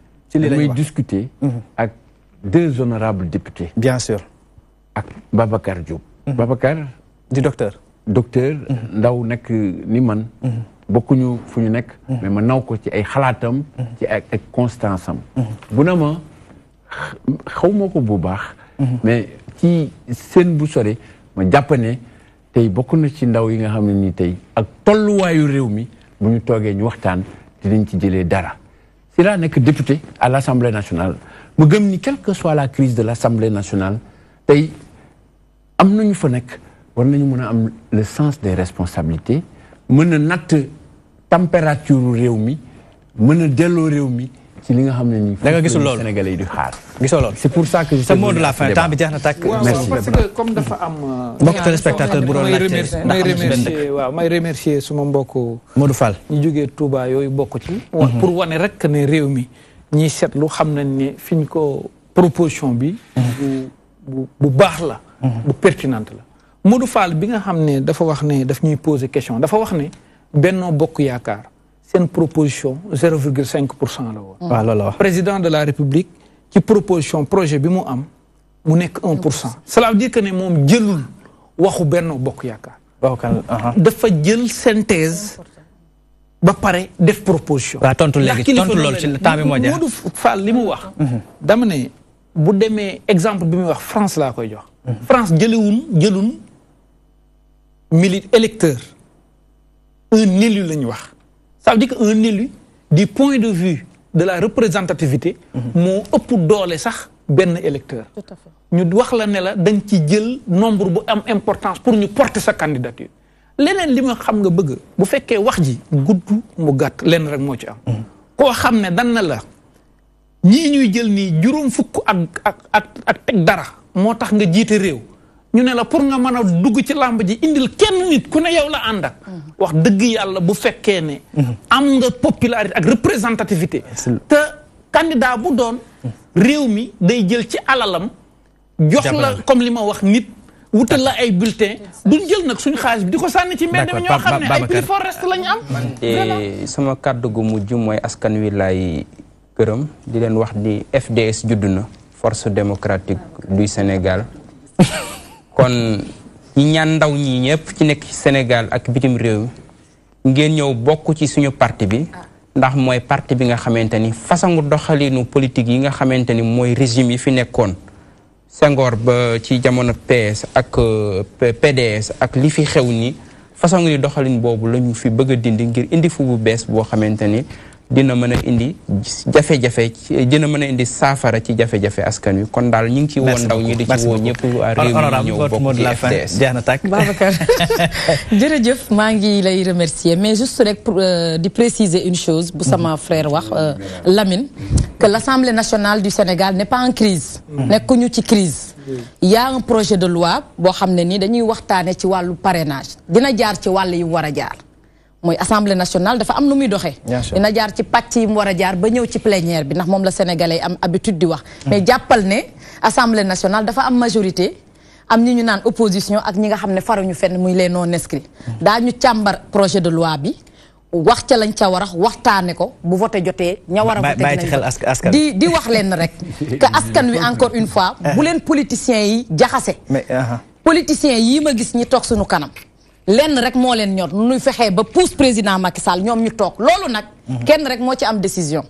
Il li muy discuter mhm. ak deux honorables députés. bien sûr. Avec Babacar Diop. Mhm. Babacar. di docteur. docteur. Mhm. ndaw nek ni man. ñu fu ñu nek mais ma naw ko ci ay xalaatam. ci ay ay constance am. bu na ma xaw ko bu baax. mais ci seen bu sore ma jàpp ne tey bokk na ci ndaw yi nga xam ne nii tey ak tolluwaayu réew mi bu ñu toogee ñu waxtaan dinañ ci jëlee dara là laa nekk député à l'Assemblée nationale Mais quelle que soit la crise de l'Assemblée nationale il faut le sens des responsabilités nous avons température réew mi mën a ci li nga xam ne nii. da nga gisul loolu Sénégalais yi di xaar. pour sa mot de la fin temps bi jeex na tàkk. comme dafa am. Euh, mbokk téléspectateur bu doon laajte may remercier waaw may remercier suma mbokk. Modou ñu jógee Touba yooyu bokk ci. Mhm. pour wane rek ne réew mi ñiy seetlu xam nañ ne fi ñu ko proposition bi. Mhm. bu baax la. Mhm. bu pertinente bi nga xam ne dafa wax ne daf ñuy poser question dafa wax ne Benno Bokk Yaakaar. une proposition 0,5 ah là. président de la république propose son projet bimo am 1 cela veut dire que nous sommes jëlul waxu benn Bokk dafa jël synthèse. ba paré def proposition. tontu vous tontu ci temps bi Modou wax. Mhm. exemple dit France La koy jox. Mhm. France vous électeur un élu ça veut dire qu'un élu, du point de vue de la représentativité, mhm. moo ëpp doole sax ben électeur. ñu wax la ne la dañ ci jël nombre bu am importance pour ñu porter sa candidature. leneen li ma xam nga bëgg bu fekkee wax ji gudd mu gàtt lenn rek moo ci am. Mhm. koo xam ne dan na la ñii ñuy jël ni jurum fukk ak ak ak ak dara moo tax nga jité rew ñu ne la pour nga mën a dugg ci làmb ji indil kenn nit ku ne yow la ànd ak wax dëgg yàlla bu fekkee ne am nga popularité ak représentativité te candidat bu doon réew mi day jël ci alalam jox la comme li ma wax nit wutal la ay bulletin duñ jël nag suñu xaalis bi di ko sànni ci mbedd mi ñoo xam ne ay prix forest am sama kàddu gu mooy askan wi laay gërëm di leen wax ni FDS judd na force démocratique du Sénégal kon ñi ñaan ndaw ñi ñëpp ci nekk ci Sénégal ak bitim réew ngeen ñëw bokk ci suñu parti bi ndax mooy parti bi nga xamante ni façon doxalinu politique yi nga xamante ni mooy régime yi fi nekkoon sengoor ba ci jamono PS ak euh, PDS ak li fi xew ni façon yi doxalin boobu la ñu fi bëgg a dindi ngir indi fu bu bees boo xamante ni dina mën indi jafé jafé dina mën indi safara ci jafé jafé askan wi kon dal ñing ci woo ndaw ñi di ci woo ñëpp réew mi ñëw bokk ci FDS jeex na tàkk Babacar jërëjëf maa ngi lay remercier mais juste rek euh, di préciser une chose bu sama mhm. frère wax euh, Lamine que l'Assemblée nationale du Sénégal n'est pas en crise mhm. nekkuñu ci crise il y a un projet de loi bo xamné ni dañuy waxtané ci walu parrainage dina jaar ci walu yu wara jaar mooy assemblée nationale dafa am nu muy doxee na jaar ci pàcc yi mu war a jaar ba ñëw ci plénière bi ndax moom la sénégalais am habitude di wax hmm. mais jàppal ne assemblée nationale dafa am majorité am ñi ñu naan opposition ak ñi nga xam ne faruñu fenn muy les non hmm. daa ñu càmbar projet de loi bi wax ca lañ ca war a waxtaane ko bu voté jotee ña war a voté di di wax leen rek que askan wi encore une fois ah. bu leen politiciens yi jaxase ah, ah. politiciens yii ma gis ñi toog suñu kanam lenn rek moo leen ñor nuy fexee ba pousse président Macky Sall ñoom ñu toog loolu nag. Mhm. kenn rek moo ci am décision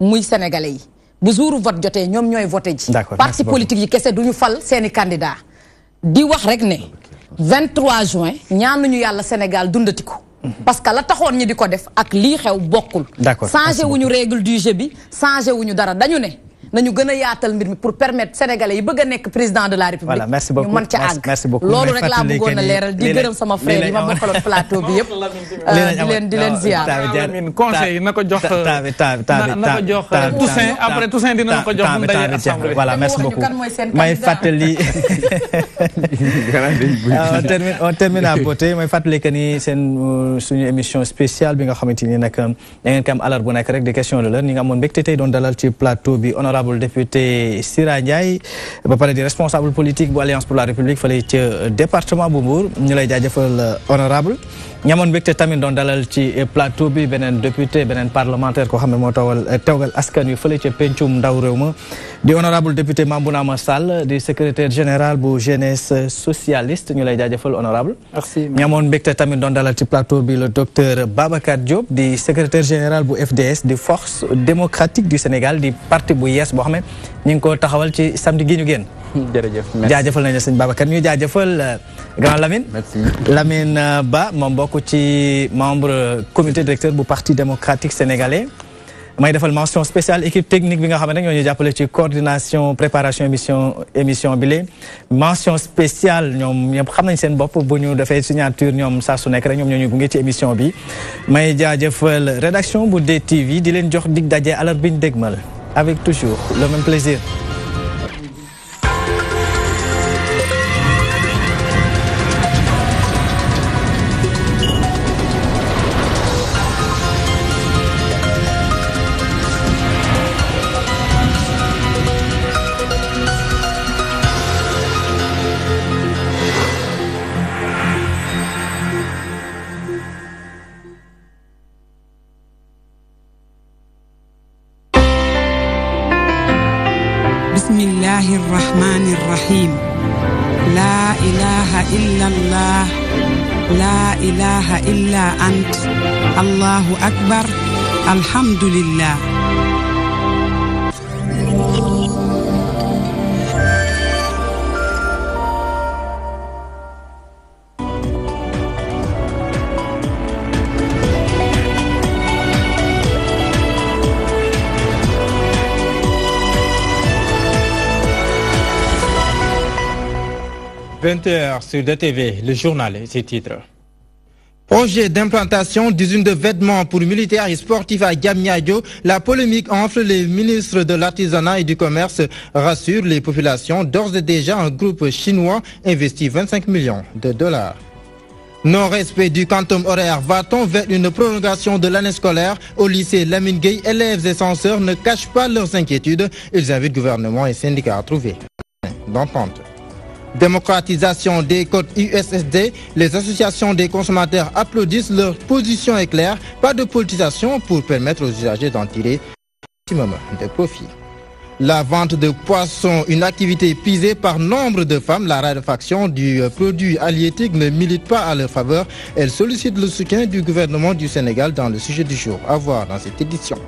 muy sénégalais yi bu jouru vote jotee ñoom ñooy voté ji. parti politique yi kese du ñu fal seeni candidat di wax rek ne 23 juin ñaanuñu yàlla Sénégal dundati ko. Mhm. parce que la taxoon ñi di ko def ak lii xew bokkul. changé wuñu règle du jeu bi changé wuñu dara dañu ne. nañu gën a yaatal mbir mi pour permettre sénégalais yi bëgg a nekk président de la république ñu mën ca àgg loolu rek laa bëggoon a leeral di gërëm sama frère yi ma bokkaloon plateau bi yëpp euh, di leen di leen ziar Lamine conseil na ko jox na ko jox euh, Toussaint après Toussaint dina na ko jox mu dajee assemblée voilà merci beaucoup may fàttali euh, on termine on termine à beauté may fàttali que ni seen suñu émission spéciale bi nga le député Sira Ndiaye ba pare di responsable politique bu l'Alliance pour la république Fallait ca département bu ñu lay jaajëfal honorable ñamoon mbégte tamit don dalal ci plateau bi benen député benen parlementaire ko xamé mo tawal eh, tewgal askan wi feulé ci penchum ndaw réew di honorable député Mambounama Massal di secrétaire général bu jeunesse socialiste ñu lay jaajëfal honorable merci ñamoon mbégte tamit don dalal ci plateau bi le docteur Babacar Diop di secrétaire général bu FDS di force démocratique du Sénégal di parti bu yes bo xamé ñing ko taxawal ci samedi gi ñu génn jërëjëf jaajëfal nañu sëñ Babacar ñu jaajëfal grand Lamine Lamine euh, Ba membre bokk membre comité directeur du parti démocratique sénégalais may defal mention spéciale équipe technique bi nga xam coordination préparation émission émission bi mention spéciale ñoom ñëpp xam nañ bu ñu signature ñoom saa su nekk rek ñoom ñoo ñu ci émission bi may jaajëfal rédaction pour DTV di leen jox dig daje alors biñ avec toujours le même plaisir إلا أنت الله أكبر الحمد لله h sur DTV, le journal et ses titres. Projet d'implantation d'usines de vêtements pour militaires et sportifs à Gamiadio, la polémique entre les ministres de l'artisanat et du commerce rassure les populations. D'ores et déjà, un groupe chinois investit 25 millions de dollars. Non-respect du quantum horaire, va-t-on vers une prolongation de l'année scolaire au lycée Lamine Élèves et censeurs ne cachent pas leurs inquiétudes. Ils invitent gouvernement et syndicats à trouver d'entente. Démocratisation des codes USSD, les associations des consommateurs applaudissent, leur position est claire, pas de politisation pour permettre aux usagers d'en tirer un maximum de profit. La vente de poissons, une activité pisée par nombre de femmes, la raréfaction du produit halieutique ne milite pas à leur faveur. Elle sollicite le soutien du gouvernement du Sénégal dans le sujet du jour. À voir dans cette édition.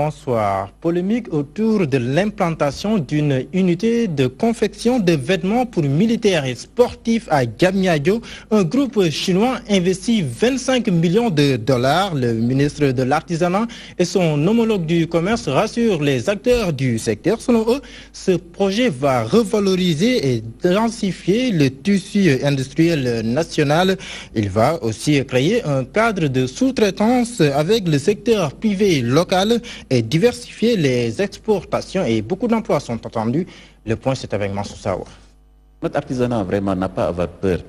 Bonsoir. Polémique autour de l'implantation d'une unité de confection de vêtements pour militaires et sportifs à Gamiayo. Un groupe chinois investit 25 millions de dollars. Le ministre de l'Artisanat et son homologue du commerce rassurent les acteurs du secteur. Selon eux, ce projet va revaloriser et densifier le tissu industriel national. Il va aussi créer un cadre de sous-traitance avec le secteur privé local et diversifier les exportations et beaucoup d'emplois sont entendus, Le point, c'est avec Mansour Saour. Notre artisanat vraiment n'a pas à avoir peur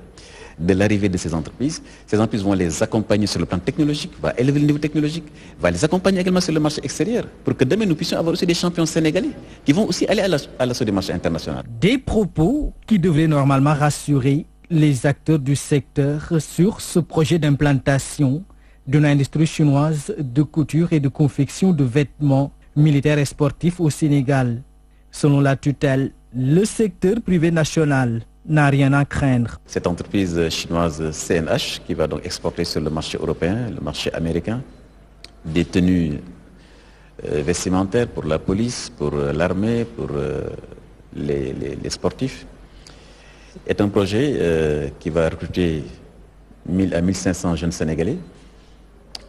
de l'arrivée de ces entreprises. Ces entreprises vont les accompagner sur le plan technologique, va élever le niveau technologique, va les accompagner également sur le marché extérieur pour que demain nous puissions avoir aussi des champions sénégalais qui vont aussi aller à l'assaut des marchés internationaux. Des propos qui devraient normalement rassurer les acteurs du secteur sur ce projet d'implantation de l'industrie chinoise de couture et de confection de vêtements militaires et sportifs au Sénégal. Selon la tutelle, le secteur privé national n'a rien à craindre. Cette entreprise chinoise CNH, qui va donc exporter sur le marché européen, le marché américain, des tenues euh, vestimentaires pour la police, pour euh, l'armée, pour euh, les, les, sportifs, est un projet qui va recruter 1000 à 1500 jeunes Sénégalais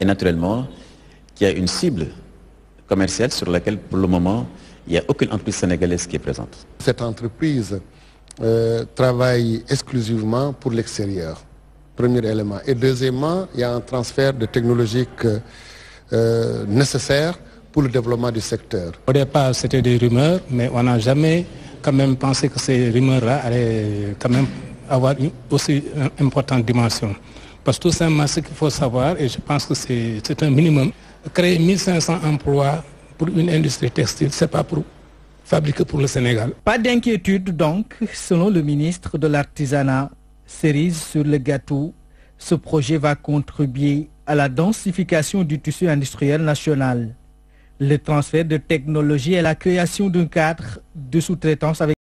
et naturellement il y a une cible commerciale sur laquelle pour le moment il n'y a aucune entreprise sénégalaise qui est présente. Cette entreprise euh, travaille exclusivement pour l'extérieur, premier élément. Et deuxièmement, il y a un transfert de technologie euh, nécessaire pour le développement du secteur. Au départ, c'était des rumeurs, mais on n'a jamais quand même pensé que ces rumeurs-là allaient quand même avoir une aussi euh, importante dimension. Parce que tout simplement, ce qu'il faut savoir, et je pense que c'est un minimum, créer 1500 emplois pour une industrie textile, ce n'est pas pour fabriquer pour le Sénégal. Pas d'inquiétude donc, selon le ministre de l'Artisanat, cerise sur le gâteau, ce projet va contribuer à la densification du tissu industriel national, le transfert de technologie et la création d'un cadre de sous-traitance avec